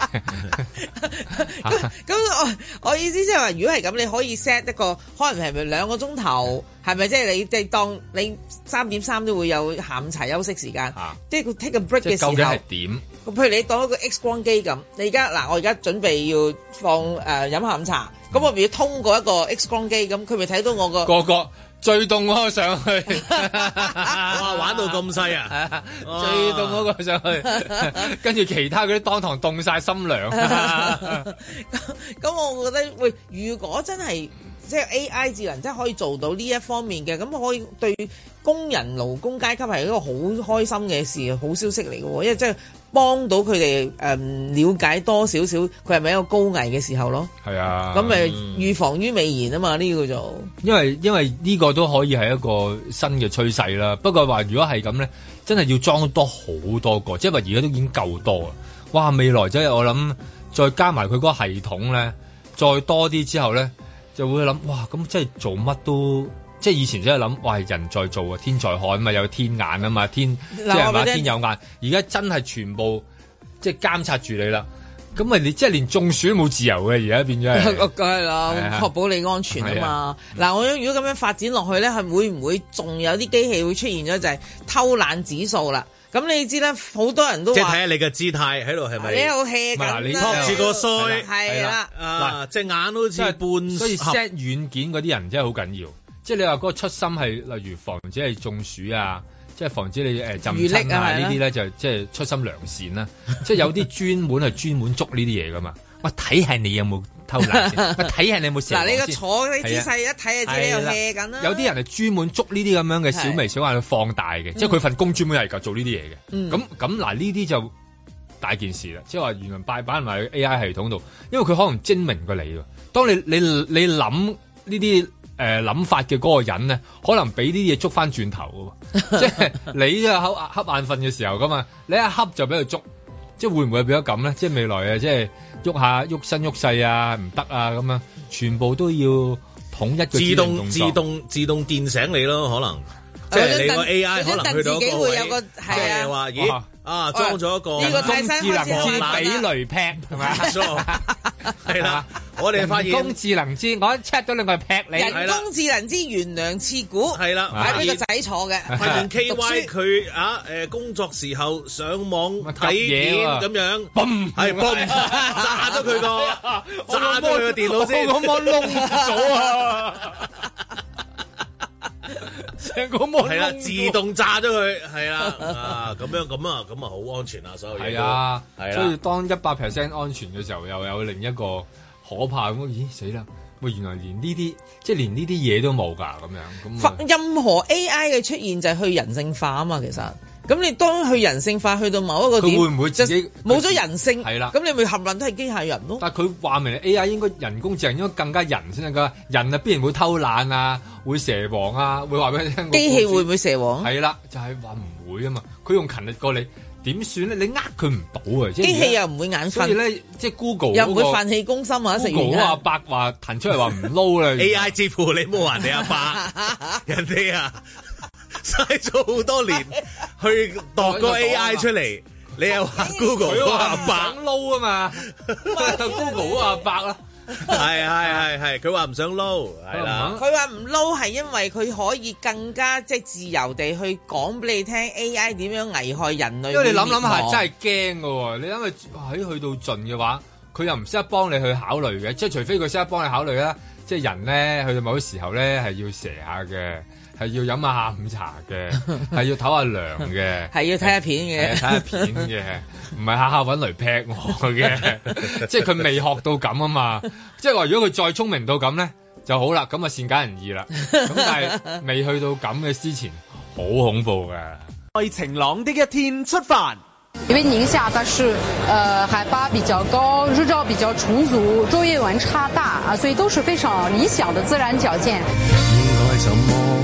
咁咁我我意思即係話，如果係咁，你可以 set 一個，可能係咪兩個鐘頭？係咪即係你即係當你三點三都會有下午茶休息時間，即係佢 take 個 break 嘅時候。即係究竟係點？咁譬如你當一個 X 光機咁，你而家嗱，我而家準備要放誒飲下午茶，咁我咪要通過一個 X 光機，咁佢咪睇到我個個個最凍嗰個上去，哇！玩到咁細啊，最凍嗰個上去，跟住其他嗰啲當堂凍曬心涼。咁咁，我覺得喂，如果真係...即係 A.I. 智能，即係可以做到呢一方面嘅，咁可以對工人、勞工階級係一個好開心嘅事，好消息嚟嘅，因為即係幫到佢哋誒了解多少少，佢係咪一個高危嘅時候咯？係啊，咁咪預防於未然啊嘛，呢個叫做。因為因為呢個都可以係一個新嘅趨勢啦。不過話如果係咁咧，真係要裝多好多個，即係話而家都已經夠多喇！哇，未來真係我諗再加埋佢嗰個系統咧，再多啲之後咧。就會諗哇，咁即係做乜都，即係以前真係諗，喂，人在做啊，天在看嘛，有天眼啊嘛，天即係天有眼。而家真係全部即係監察住你啦，咁啊你即係連中暑都冇自由嘅，而家變咗。梗係啦，確保你安全啊嘛。嗱，我諗如果咁樣發展落去咧，係會唔會仲有啲機器會出現咗就係偷懶指數啦？咁、嗯、你知啦，好多人都即係睇下你嘅姿態喺度係咪？是是你好 hea 嗱，哎啊、你托住個腮係啦。啊，隻眼好似半即係軟件啲人真係好緊要。即係你話個個出心係例如防止係中暑啊，即係防止你誒、欸、浸親啊，啊呢啲咧了就即係出心良善啦、啊。即係 有啲專門係專門捉呢啲嘢噶嘛。我睇係你有冇？睇下 你有冇事？嗱， 你個坐嘅姿勢一睇啊，自己又咩緊啦。有啲人係專門捉呢啲咁樣嘅小微小眼去放大嘅，的嗯、即係佢份工專門係嚟做呢啲嘢嘅。咁咁嗱，呢啲就大件事啦。即係話原來拜板埋 A I 系統度，因為佢可能精明過你。當你你你諗呢啲誒諗法嘅嗰個人咧，可能俾呢啲嘢捉翻轉頭。 即係你啊，恰恰眼瞓嘅時候噶嘛，你一恰就俾佢捉。即係會唔會變咗咁咧？即係未來啊，即係喐下喐身喐勢啊，唔得啊咁啊，全部都要統一個智能動作。自動自動自動電醒你咯，可能即係你個 AI 可能佢自己會有個，即係話咦啊裝咗一個人工智能俾雷劈，係咪？係啦，我哋發現 人工智能之我 check 咗兩個劈你，人工智能之懸梁刺股，係啦， 擺俾個仔坐嘅，發現 K Y 佢啊，誒，工作時候上網睇片咁樣，係嘣，炸咗佢個，炸咗佢個電腦先，我冇窿咗啊！成係啦，自動炸咗佢，係啦，啊咁 樣咁啊，咁啊好安全啊，所有嘢。係啊，所以當一百 percent 安全嘅時候，又有另一個可怕咁。咦，死啦！喂，原來連呢啲，即係連呢啲嘢都冇噶咁樣。咁，任何 AI 嘅出現就係去人性化啊嘛，其實。咁你當佢人性化去到某一個點，佢會唔會自己冇咗人性？係啦，咁你咪含運都係機械人咯。但係佢話明 A.I. 應該人工智能應該更加人先得㗎，人啊必然會偷懶啊，會蛇王啊，會話俾你聽。機器會唔會蛇王？係啦，就係話唔會啊嘛。佢用勤力過你，點算咧？你呃佢唔到啊！即機器又唔會眼瞓。所以咧，即係 Google 又唔會犯氣攻心或者食煙。我阿伯話彈出嚟話唔撈啦，A.I. 支付你冇人哋阿伯人哋啊。嘥咗好多年去度個 AI 出嚟，你又話 Google 話唔撈啊嘛？Google 阿伯啦，係係係係，佢話唔想撈係啦。佢話唔撈係因為佢可以更加即係自由地去講俾你聽 AI 點樣危害人類。因為你諗諗下真係驚噶，你因為喺去到盡嘅話，佢又唔識得幫你去考慮嘅，即係除非佢識得幫你考慮啦。即係人咧去到某啲時候咧係要蛇下嘅。係要飲下下午茶嘅，係要唞下涼嘅，係 啊嗯、要睇下片嘅，睇 下、啊、片嘅，唔係下下揾雷劈我嘅，即係佢未學到咁啊嘛，即係話如果佢再聰明到咁咧，就好啦，咁啊善解人意啦，咁 但係未去到咁嘅之前，好恐怖噶。在晴朗的一天出發， 因為寧夏它是，誒、呃，海拔比較高，日照比較充足，晝夜溫差大啊，所以都是非常理想嘅自然條件。應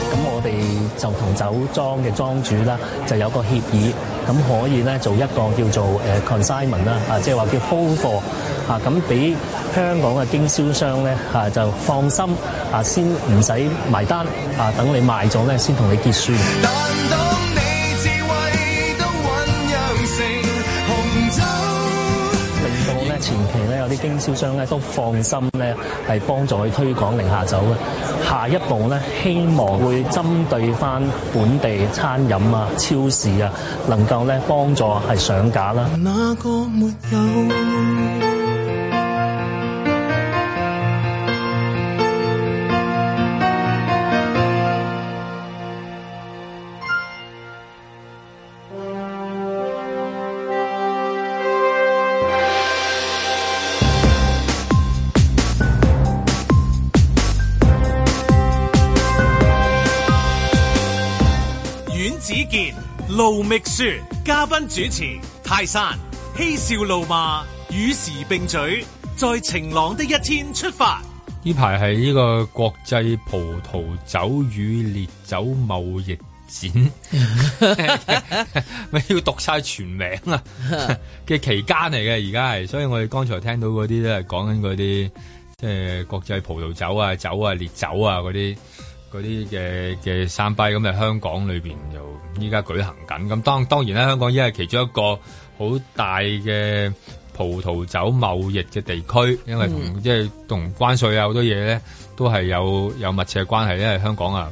就同酒莊嘅莊主啦，就有個協議，咁可以咧做一個叫做誒 consignment 啦，呃、Cons ignment，啊，即係話叫 whole 鋪貨，啊，咁俾香港嘅經銷商咧，啊，就放心，啊，先唔使埋單，啊，等你賣咗咧，先同你結算。有啲經銷商咧都放心咧，係幫助去推廣零下酒嘅。下一步咧，希望會針對翻本地餐飲啊、超市啊，能夠咧幫助係上架啦。見盧覓雪，嘉賓主持泰山嬉笑怒罵，與時並舉，在晴朗的一天出發。呢排係呢個國際葡萄酒與烈酒貿易展，咪 要讀晒全名啊嘅 期間嚟嘅，而家係，所以我哋剛才聽到嗰啲都係講緊嗰啲，即係、就是、國際葡萄酒啊、酒啊、烈酒啊嗰啲。嗰啲嘅嘅山批咁，喺香港裏邊就依家舉行緊，咁，當然當然啦，香港因為其中一個好大嘅葡萄酒貿易嘅地區，因為同、嗯、即係同關稅啊好多嘢咧都係有有密切嘅關係，因為香港啊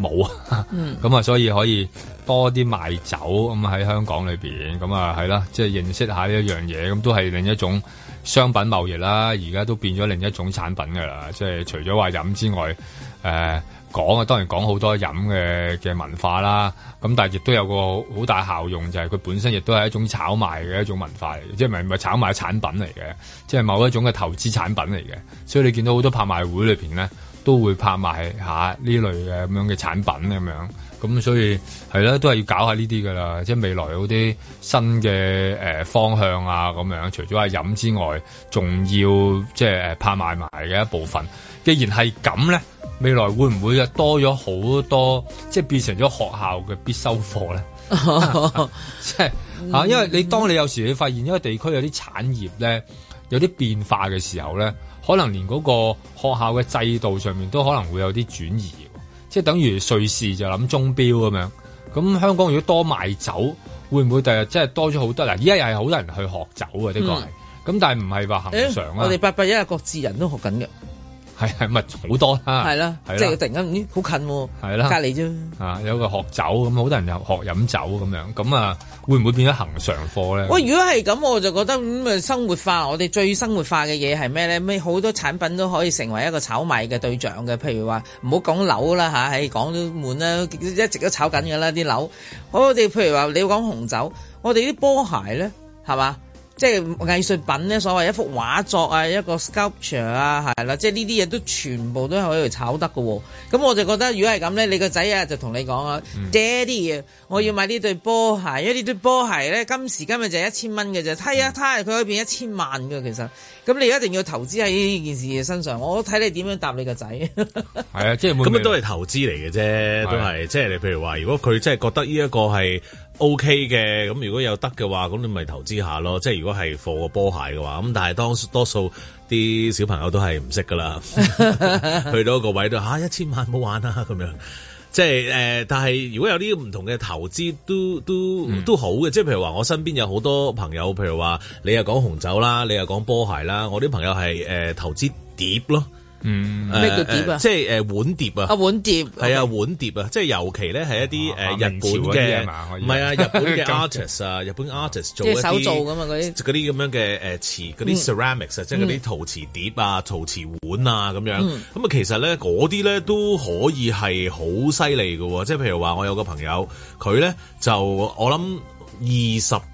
冇啊，咁啊、嗯 嗯、所以可以多啲賣酒，咁喺香港裏邊咁啊係啦，即係認識下呢一樣嘢，咁都係另一種商品貿易啦。而家都變咗另一種產品㗎啦，即係除咗話飲之外，誒、呃。講啊，當然講好多飲嘅嘅文化啦。咁但係亦都有個好大效用，就係、是、佢本身亦都係一種炒賣嘅一種文化嚟，即係唔係炒賣產品嚟嘅，即係某一種嘅投資產品嚟嘅。所以你見到好多拍賣會裏邊咧，都會拍賣下呢類嘅咁樣嘅產品咁樣。咁所以係啦，都係要搞下呢啲噶啦。即係未來嗰啲新嘅誒方向啊咁樣，除咗係飲之外，仲要即係拍賣埋嘅一部分。既然係咁咧。未來會唔會又多咗好多，即係變成咗學校嘅必修課咧？即係吓，因為你當你有時你發現一個地區有啲產業咧，有啲變化嘅時候咧，可能連嗰個學校嘅制度上面都可能會有啲轉移，即係等於瑞士就諗鐘錶咁樣。咁香港如果多賣酒，會唔會第日真係多咗好多嗱？而家又係好多人去學酒嘅呢個，咁、嗯、但係唔係話恒常啊、欸。我哋八八一啊，各自人都學緊嘅。係啊，咪好 多啦，係啦，即係突然間咦，好近喎，係啦，隔籬啫，啊，有個學酒咁，好多人又學飲酒咁樣，咁啊，會唔會變咗恒常課咧？哇，如果係咁，我就覺得咁啊、嗯，生活化，我哋最生活化嘅嘢係咩咧？咩好多產品都可以成為一個炒賣嘅對象嘅，譬如話唔好講樓啦吓，誒，講都悶啦，一直都炒緊嘅啦啲樓，我哋譬如話你要講紅酒，我哋啲波鞋咧，係嘛？即係藝術品咧，所謂一幅畫作啊，一個 sculpture 啊，係啦，即係呢啲嘢都全部都係可以炒得嘅，啊。咁我就覺得，如果係咁咧，你個仔啊就同你講啊，爹哋，Daddy，我要買呢對波鞋，因為呢對波鞋咧，今時今日就一千蚊嘅啫，睇下睇下，佢可以變一千萬嘅其實。咁你一定要投資喺呢件事嘅身上，我睇你點樣答你個仔。係 啊，即係咁樣都係投資嚟嘅啫，都係。的即係你譬如話，如果佢真係覺得呢一個係。O K 嘅，咁、okay、如果有得嘅話，咁你咪投資下咯。即係如果係貨個波鞋嘅話，咁但係當多數啲小朋友都係唔識噶啦， 去到個位都吓、啊，一千萬唔好玩啊咁樣。即係誒、呃，但係如果有啲唔同嘅投資都都、嗯、都好嘅，即係譬如話我身邊有好多朋友，譬如話你又講紅酒啦，你又講波鞋啦，我啲朋友係誒、呃、投資碟咯。嗯，咩叫碟啊？即係誒碗碟，碗碟啊，碗碟係啊碗碟啊，即係尤其咧係一啲誒日本嘅唔係啊日本嘅 artists 啊，日本 artists， 做一啲即係手做噶嘛嗰啲嗰啲咁樣嘅誒瓷，嗰啲 ceramics 啊，即係嗰啲陶瓷碟啊、陶瓷碗啊咁樣咁啊。嗯、其實咧嗰啲咧都可以係好犀利噶，即係譬如話我有個朋友佢咧就我諗二十。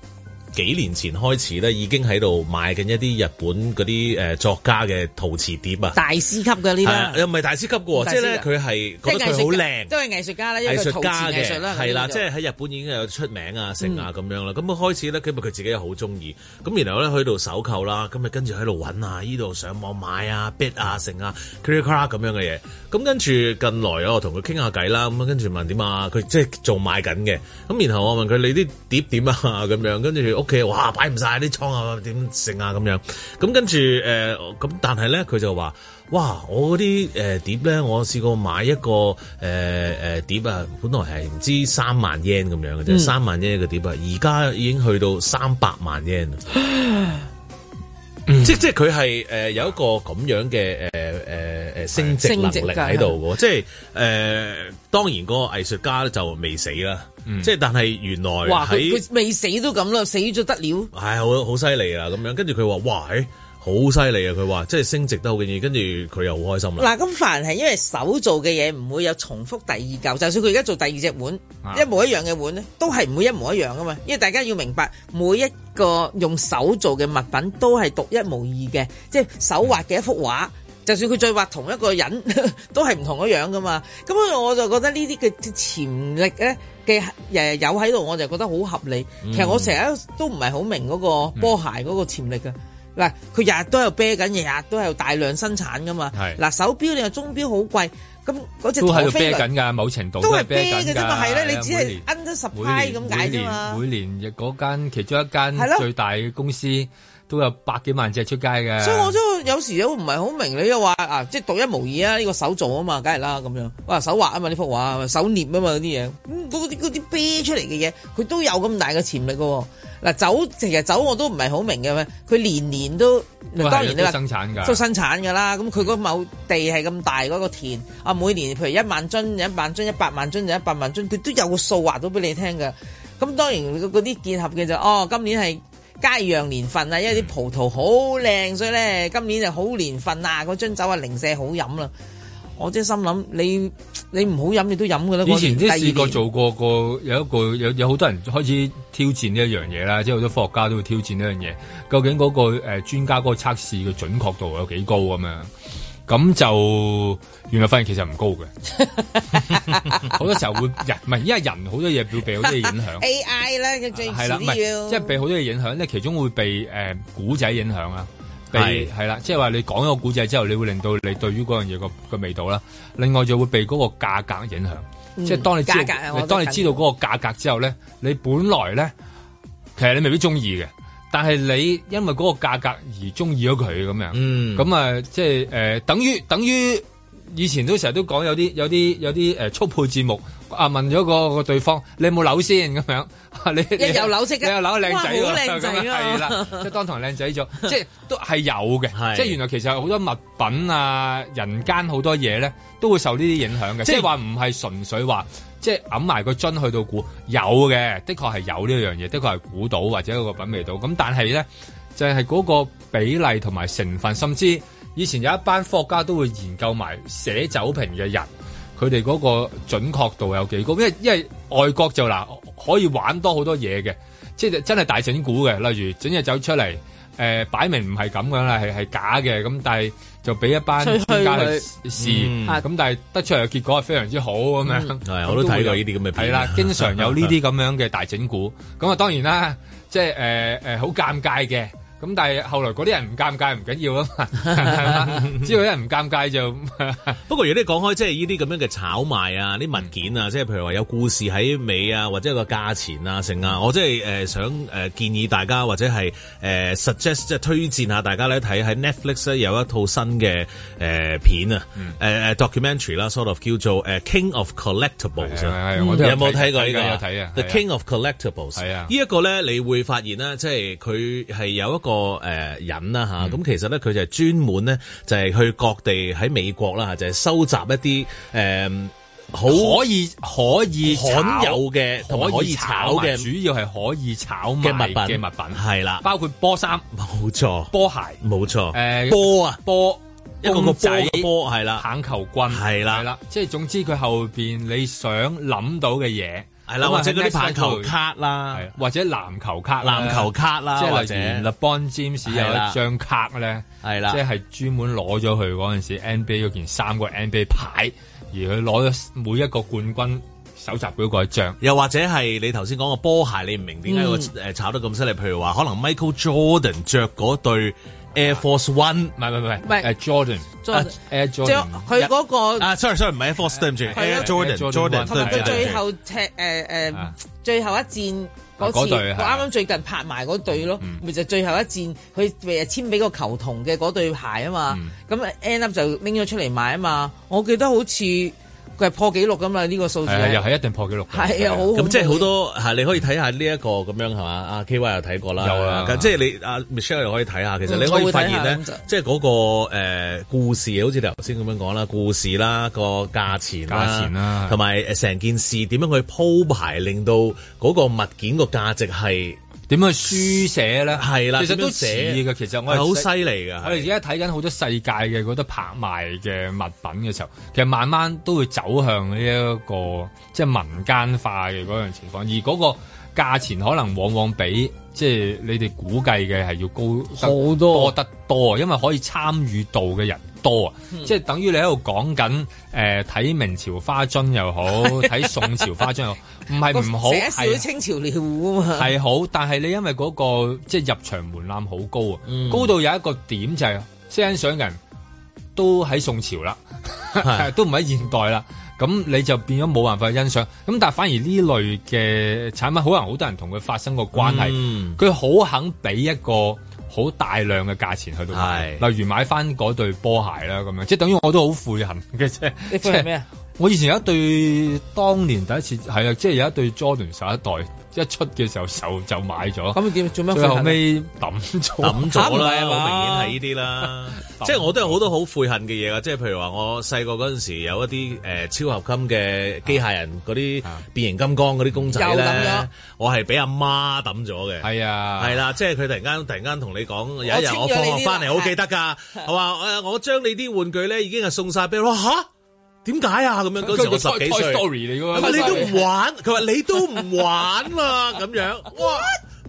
幾年前開始咧，已經喺度買緊一啲日本嗰啲誒作家嘅陶瓷碟啊！大師級嘅呢？係又唔係大師級喎，即係咧佢係覺得佢好靚，都係藝術家啦，藝術家嘅係啦，即係喺日本已經有出名啊、成啊咁樣啦。咁開始咧，咁咪佢自己好中意咁，然後咧去度搜購啦，咁咪跟住喺度揾下依度上網買啊、bit 啊、成啊、clear card 咁樣嘅嘢。咁跟住近來我同佢傾下偈啦，咁跟住問點啊，佢即係做買緊嘅。咁然後我問佢你啲碟點啊咁樣，跟住佢哇！擺唔晒啲倉啊，點食啊咁樣，咁跟住誒，咁、呃、但係咧佢就話，哇！我嗰啲誒碟咧，我試過買一個誒誒、呃、碟啊，本來係唔知三萬 yen 咁樣嘅啫，嗯、三萬 yen 一個碟啊，而家已經去到三百萬 yen。 嗯、即即係佢係誒有一個咁樣嘅誒誒誒升值能力喺度喎，即係誒、呃、當然嗰個藝術家咧就未死啦，嗯、即係但係原來，哇佢未死都咁啦，死咗得了，係、哎、好好犀利啊！咁樣跟住佢話，哇、欸好犀利啊！佢話即係升值得好嘅嘢，跟住佢又好開心啦。嗱，咁凡係因為手做嘅嘢，唔會有重複第二舊。就算佢而家做第二隻碗，一模一樣嘅碗咧，都係唔會一模一樣噶嘛。因為大家要明白，每一個用手做嘅物品都係獨一無二嘅，即係手畫嘅一幅畫。就算佢再畫同一個人，都係唔同一樣噶嘛。咁所以我就覺得呢啲嘅潛力咧嘅，誒有喺度，我就覺得好合理。其實我成日都唔係好明嗰個波鞋嗰個潛力噶。嗱，佢日日都喺啤緊，日日都喺大量生產噶嘛。嗱是，手錶你話鐘錶好貴，咁嗰隻都喺啤緊噶，某程度都係啤緊。咁咪係咧，你只係奀咗十批咁解每年 under supply 每年嗰間其中一間最大嘅公司。都有百幾萬隻出街嘅，所以我都有時都唔係好明。你又話啊，即係獨一無二啊呢，呢個手造啊嘛，梗係啦咁樣，哇手畫啊嘛呢幅畫，手捏啊嘛嗰啲嘢，嗰啲啲啤出嚟嘅嘢，佢都有咁大嘅潛力嘅，哦。嗱，酒成日酒我都唔係好明嘅咩？佢年年都，當然生你話都生產噶啦。咁佢嗰某地係咁大嗰，嗰個田啊，每年譬如一萬樽、一萬樽、一百萬樽、一百萬樽，佢都有個數話到俾你聽嘅。咁、嗯、當然嗰啲結合嘅就，哦今年係。佳釀年份啊，因為啲葡萄好靚，嗯、所以咧今年就好年份啊，嗰樽酒啊零舍好飲啦。我即係心諗，你你唔好飲你都飲噶啦。以前都試過做過個，有一個有有好多人開始挑戰呢一樣嘢啦，即係好多科學家都會挑戰呢樣嘢。究竟嗰、嗰個誒專、呃、家嗰個測試嘅準確度有幾高咁樣？咁就原來發現其實唔高嘅，好 多時候會人唔係，因為人好多嘢會被好多嘢影響。A I 咧佢最主要，啦，即係、就是、被好多嘢影響咧，其中會被誒、呃、古仔影響啊，被，係是啦，即係話你講咗古仔之後，你會令到你對於嗰樣嘢個個味道啦。另外就會被嗰個價格影響，嗯、即係當你知道，價格你當你知道嗰個價格之後咧，你本來咧其實你未必中意嘅。但係你因為嗰個價格而中意咗佢咁樣，咁啊即係誒、呃，等於等於以前都成日都講有啲有啲有啲誒速配節目啊，問咗個個對方你有冇樓先咁樣，你又你有樓識你有樓靚仔啊，係啦， 即係當堂靚仔咗， 即係都係有嘅，即係原來其實好多物品啊，人間好多嘢咧都會受呢啲影響嘅，即係話唔係純粹話。即係揞埋個樽去到估有嘅，的確係有呢一樣嘢，的確係估到或者個品味到。咁但係咧，就係、是、嗰個比例同埋成分，甚至以前有一班科學家都會研究埋寫酒瓶嘅人，佢哋嗰個準確度有幾高？因為因為外國就嗱可以玩多好多嘢嘅，即係真係大整蠱嘅，例如整隻酒出嚟。誒，擺、呃、明唔係咁樣啦，係係假嘅，咁但係就俾一班專家去試，咁、嗯嗯、但係得出嚟嘅結果係非常之好咁樣。係，我都睇到呢啲咁嘅。係啦來，經常有呢啲咁樣嘅大整蠱，咁啊 當然啦，即係誒誒，好、呃呃、尷尬嘅。咁但係後來啲人唔尷尬唔緊要啊嘛，只要啲人唔尷尬就。 不過如果你講開即係呢啲咁樣嘅炒賣啊，啲文件啊，即係譬如話有故事喺尾啊，或者個價錢啊成啊，我即係誒、呃、想誒建議大家或者係誒、呃、suggest 即係推薦下大家咧睇喺 Netflix 咧有一套新嘅誒、呃、片啊，誒誒、嗯啊、documentary 啦，sort of 叫做誒 King of Collectibles，嗯。係、啊啊、有冇睇、嗯、過呢、這個？有睇啊、這個、The King of Collectibles。係啊，啊呢一個咧，你會發現啦，即係佢係有一。個誒人啦吓，咁其實咧佢就係專門咧就係去各地喺美國啦就係收集一啲誒好可以可以罕有嘅同可以炒嘅，主要係可以炒嘅物品嘅物品係啦，包括波衫，冇錯，波鞋，冇錯，誒波啊波，一個個仔波係啦，棒球棍係啦係啦，即係總之佢後邊你想諗到嘅嘢。係啦，或者嗰啲排球卡啦， 或者籃球卡，籃球卡啦，即係例如 LeBron James 有一張卡咧，係啦的，即係專門攞咗佢嗰陣時 NBA 嗰件三個 NBA 牌，而佢攞咗每一個冠軍收集到嗰一張。又或者係你頭先講個波鞋，你唔明點解個誒炒得咁犀利？譬、嗯、如話可能 Michael Jordan 着嗰對。Air Force One，唔係唔係唔係，唔係 Jordan，Jordan，Jordan。佢嗰個，sorry sorry，唔係 Air Force，對唔住。係 Jordan，Jordan。同埋佢最後赤，誒誒，最後一戰嗰次，啱啱最近拍埋嗰對咯，咪就最後一戰，佢誒簽俾個球童嘅嗰對鞋啊嘛，咁 End up 就拎咗出嚟賣啊嘛，我記得好似。佢係破紀錄㗎嘛？呢個數字又係一定破紀錄，係啊，好咁即係好多吓，你可以睇下呢一個咁樣係嘛？阿 K Y 又睇過啦，有啊，即係你阿 Michelle 又可以睇下，其實你可以發現咧，即係嗰個故事，好似你頭先咁樣講啦，故事啦，個價錢、價錢啦，同埋誒成件事點樣去鋪排，令到嗰個物件個價值係。點樣書寫咧？係啦的，其實都寫嘅。寫其實我哋好犀利㗎。的我哋而家睇緊好多世界嘅嗰啲拍賣嘅物品嘅時候，其實慢慢都會走向呢、這、一個即係、就是、民間化嘅嗰樣情況，而嗰個價錢可能往往比即係、就是、你哋估計嘅係要高好多多得多，因為可以參與到嘅人。多啊， 即係等於你喺度講緊，誒、呃，睇明朝花樽又好，睇 宋朝花樽又好，唔係唔好係 清朝了嘛，係好，但係你因為嗰、那個即係入場門檻好高啊，嗯、高到有一個點就係、是、欣賞嘅人都喺宋朝啦， 都唔喺現代啦，咁 你就變咗冇辦法欣賞，咁但係反而呢類嘅產品，可能好多人同佢發生過關係，佢好、嗯、肯俾一個。好大量嘅價錢去到，是例如買翻嗰對波鞋啦，咁樣即係等於我都好悔恨嘅啫。呢款係咩啊？我以前有一對，當年第一次係啊，即係有一對 Jordan 十一代。一出嘅時候就就買咗，咁做咩？後尾抌咗抌咗啦，好明顯係呢啲啦。即係 了我都有好多好悔恨嘅嘢啊！即係譬如話，我細個嗰陣時有一啲誒超合金嘅機械人，嗰啲、啊、變形金剛嗰啲公仔咧，我係俾阿媽抌咗嘅。係啊、哎呀，係啦，即係佢突然間突然間同你講，有一日我放學翻嚟，好記得㗎，係嘛的？誒，我將你啲玩具咧已經係送晒俾我。點解啊？咁樣嗰時我十幾歲，你都唔玩。佢話你都唔玩啦，咁樣，哇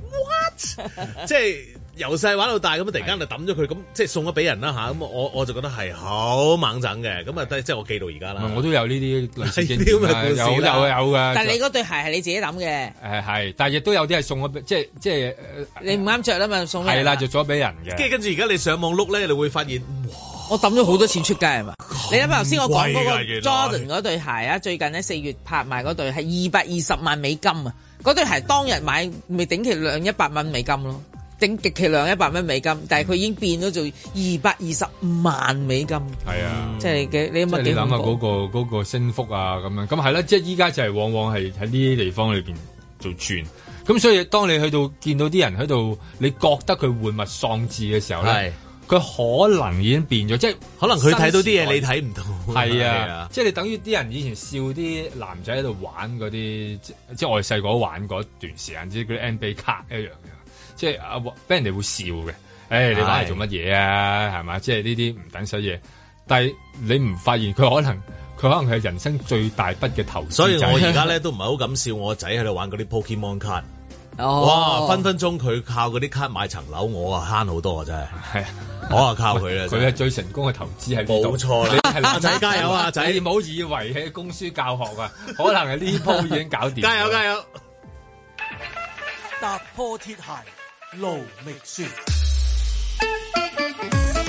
，what？即係由細玩到大，咁啊，突然間就抌咗佢，咁即係送咗俾人啦吓。咁我我就覺得係好猛憎嘅，咁啊，即係我記到而家啦。我都有呢啲類似嘅，有有有嘅。但係你嗰對鞋係你自己抌嘅，誒係，但係亦都有啲係送咗，即係即係你唔啱着啦嘛，送係啦，着咗俾人嘅。跟住跟住，而家你上網碌咧，你會發現，哇！我抌咗好多錢出街係嘛？你諗下頭先我講嗰個 Jordan 嗰對鞋啊，最近咧四月拍賣嗰對係二百二十萬美金啊！嗰對鞋當日買咪頂其量一百蚊美金咯，頂極其量一百蚊美金，但係佢已經變咗做二百二十萬美金。係 啊，即係、 就是、你有冇諗下嗰個嗰、嗰個升幅啊？咁樣咁係啦，即係依家就係往往係喺呢啲地方裏邊做轉。咁所以當你去到見到啲人喺度，你覺得佢玩物喪志嘅時候咧。佢可能已經變咗，即係可能佢睇到啲嘢你睇唔到，係啊，啊啊即係你等於啲人以前笑啲男仔喺度玩嗰啲，即即係我哋細個玩嗰段時間，即係嗰啲 NBA 卡一樣嘅，即係是、哎、啊，俾人哋會笑嘅，誒，你打嚟做乜嘢啊？係嘛，即係呢啲唔等使嘢，但係你唔發現佢可能佢可能係人生最大筆嘅投資。所以我而家咧都唔係好敢笑我仔喺度玩嗰啲 Pokemon 卡。哇！分分鐘佢靠嗰啲卡買層樓，我啊慳好多啊真係。係， 我啊靠佢啦，佢係 最， 最成功嘅投資係、這個。冇錯啦， 你係阿仔加油啊！仔，你唔好以為喺公書教學啊， 可能係呢鋪已經搞掂。 加油加油！踏破鐵鞋路未絕。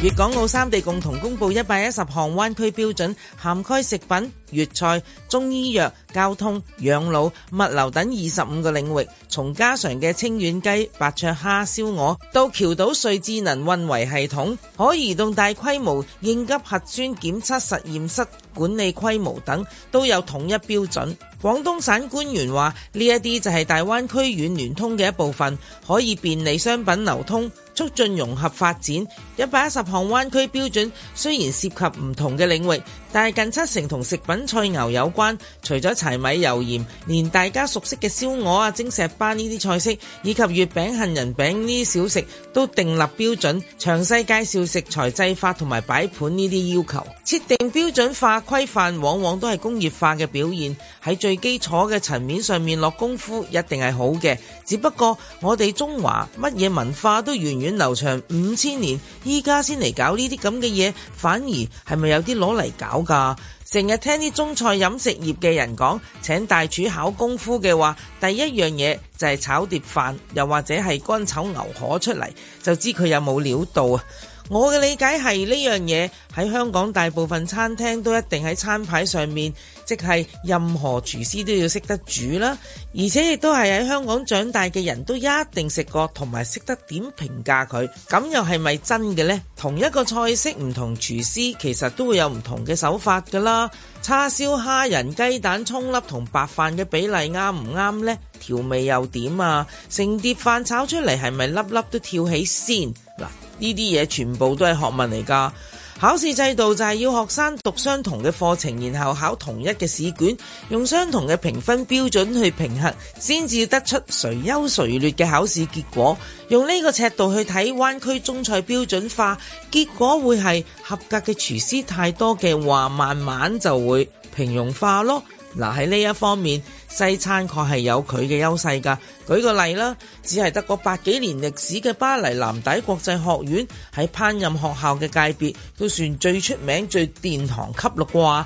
粵港澳三地共同公布一百一十項灣區標準，涵蓋食品、粵菜、中醫藥、交通、養老、物流等二十五個領域。從家常嘅清遠雞、白灼蝦、燒鵝，到橋島隧智能運維系統、可移動大規模應急核酸檢測實驗室管理規模等，都有統一標準。廣東省官員話：呢一啲就係大灣區軟聯通嘅一部分，可以便利商品流通，促進融合發展，一百一十項灣區標準雖然涉及唔同嘅領域，但係近七成同食品菜肴有關。除咗柴米油鹽，連大家熟悉嘅燒鵝啊、蒸石斑呢啲菜式，以及月餅、杏仁餅呢啲小食，都訂立標準，詳細介紹食材、製法同埋擺盤呢啲要求。設定標準化規範，往往都係工業化嘅表現。喺最基礎嘅層面上面落功夫，一定係好嘅。只不過我哋中華乜嘢文化都源遠流長五千年，依家先嚟搞呢啲咁嘅嘢，反而係咪有啲攞嚟搞噶？成日聽啲中菜飲食業嘅人講，請大廚考功夫嘅話，第一樣嘢就係炒碟飯，又或者係乾炒牛河出嚟，就知佢有冇料到。啊！我嘅理解係呢樣嘢喺香港大部分餐廳都一定喺餐牌上面。即係任何廚師都要識得煮啦，而且亦都係喺香港長大嘅人都一定食過同埋識得點評價佢，咁又係咪真嘅呢？同一個菜式唔同廚師，其實都會有唔同嘅手法噶啦。叉燒蝦仁雞蛋葱粒同白飯嘅比例啱唔啱呢？調味又點啊？成碟飯炒出嚟係咪粒粒都跳起先？嗱，呢啲嘢全部都係學問嚟㗎。考試制度就係要學生讀相同嘅課程，然後考同一嘅試卷，用相同嘅評分標準去評核，先至得出誰優誰劣嘅考試結果。用呢個尺度去睇灣區中菜標準化，結果會係合格嘅廚師太多嘅話，慢慢就會平庸化咯。嗱，喺呢一方面，西餐確係有佢嘅優勢㗎。舉個例啦，只係得過百幾年歷史嘅巴黎藍帶國際學院喺烹飪學校嘅界別都算最出名、最殿堂級咯啩。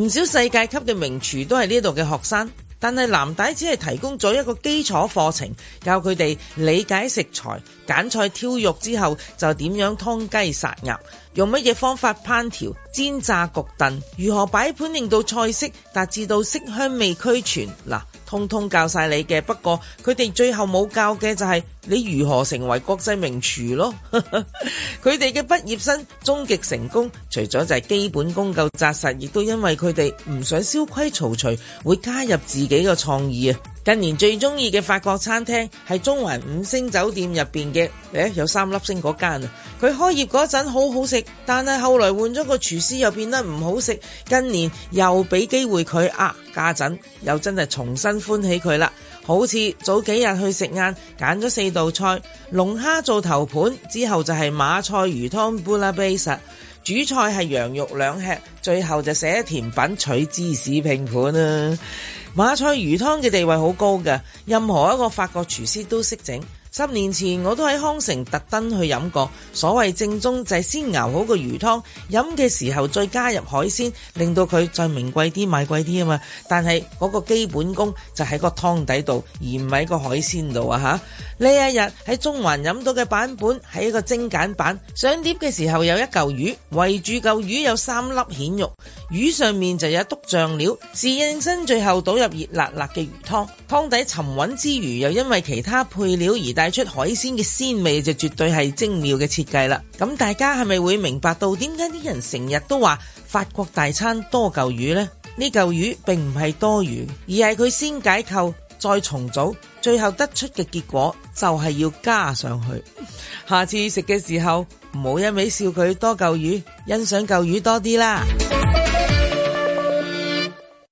唔少世界級嘅名廚都係呢度嘅學生。但係藍帶只係提供咗一個基礎課程，教佢哋理解食材、揀菜挑肉之後就點樣劏雞殺鴨。用乜嘢方法烹調、煎炸、焗燉？如何擺盤令到菜式達至到色香味俱全？嗱，通通教晒你嘅。不過佢哋最後冇教嘅就係你如何成為國際名廚咯。佢哋嘅畢業生終極成功，除咗就係基本功夠扎實，亦都因為佢哋唔想蕭規曹隨，會加入自己嘅創意啊。近年最中意嘅法國餐廳係中環五星酒店入邊嘅，誒、哎、有三粒星嗰間啊！佢開業嗰陣好好食，但係後來換咗個廚師又變得唔好食。近年又俾機會佢啊，家陣又真係重新歡喜佢啦！好似早幾日去食晏，揀咗四道菜，龍蝦做頭盤，之後就係馬賽魚湯 Bouillabaisse。主菜係羊肉兩吃，最後就寫甜品取芝士拼盤啦。馬賽魚湯嘅地位好高㗎，任何一個法國廚師都識整。十年前我都喺康城特登去飲過所謂正宗就係、是、先熬好個魚湯，飲嘅時候再加入海鮮令到佢再名貴啲、買貴啲啊嘛。但係、嗰個基本功就喺個湯底度，而唔係個海鮮度啊吓。呢一日喺中環飲到嘅版本係一個精簡版，上碟嘅時候，有一嚿魚圍住嚿魚，魚有三粒蜆肉，魚上面就有篤醬料，侍應生最後倒入熱辣辣嘅魚湯，湯底沉穩之餘又因為其他配料而帶，帶出海鮮嘅鮮味就絕對係精妙嘅設計啦！咁大家係咪會明白到點解啲人成日都話法國大餐多嚿魚呢？呢嚿魚並唔係多餘，而係佢先解構再重組，最後得出嘅結果就係要加上去。下次食嘅時候，唔好一味笑佢多嚿魚，欣賞嚿魚多啲啦。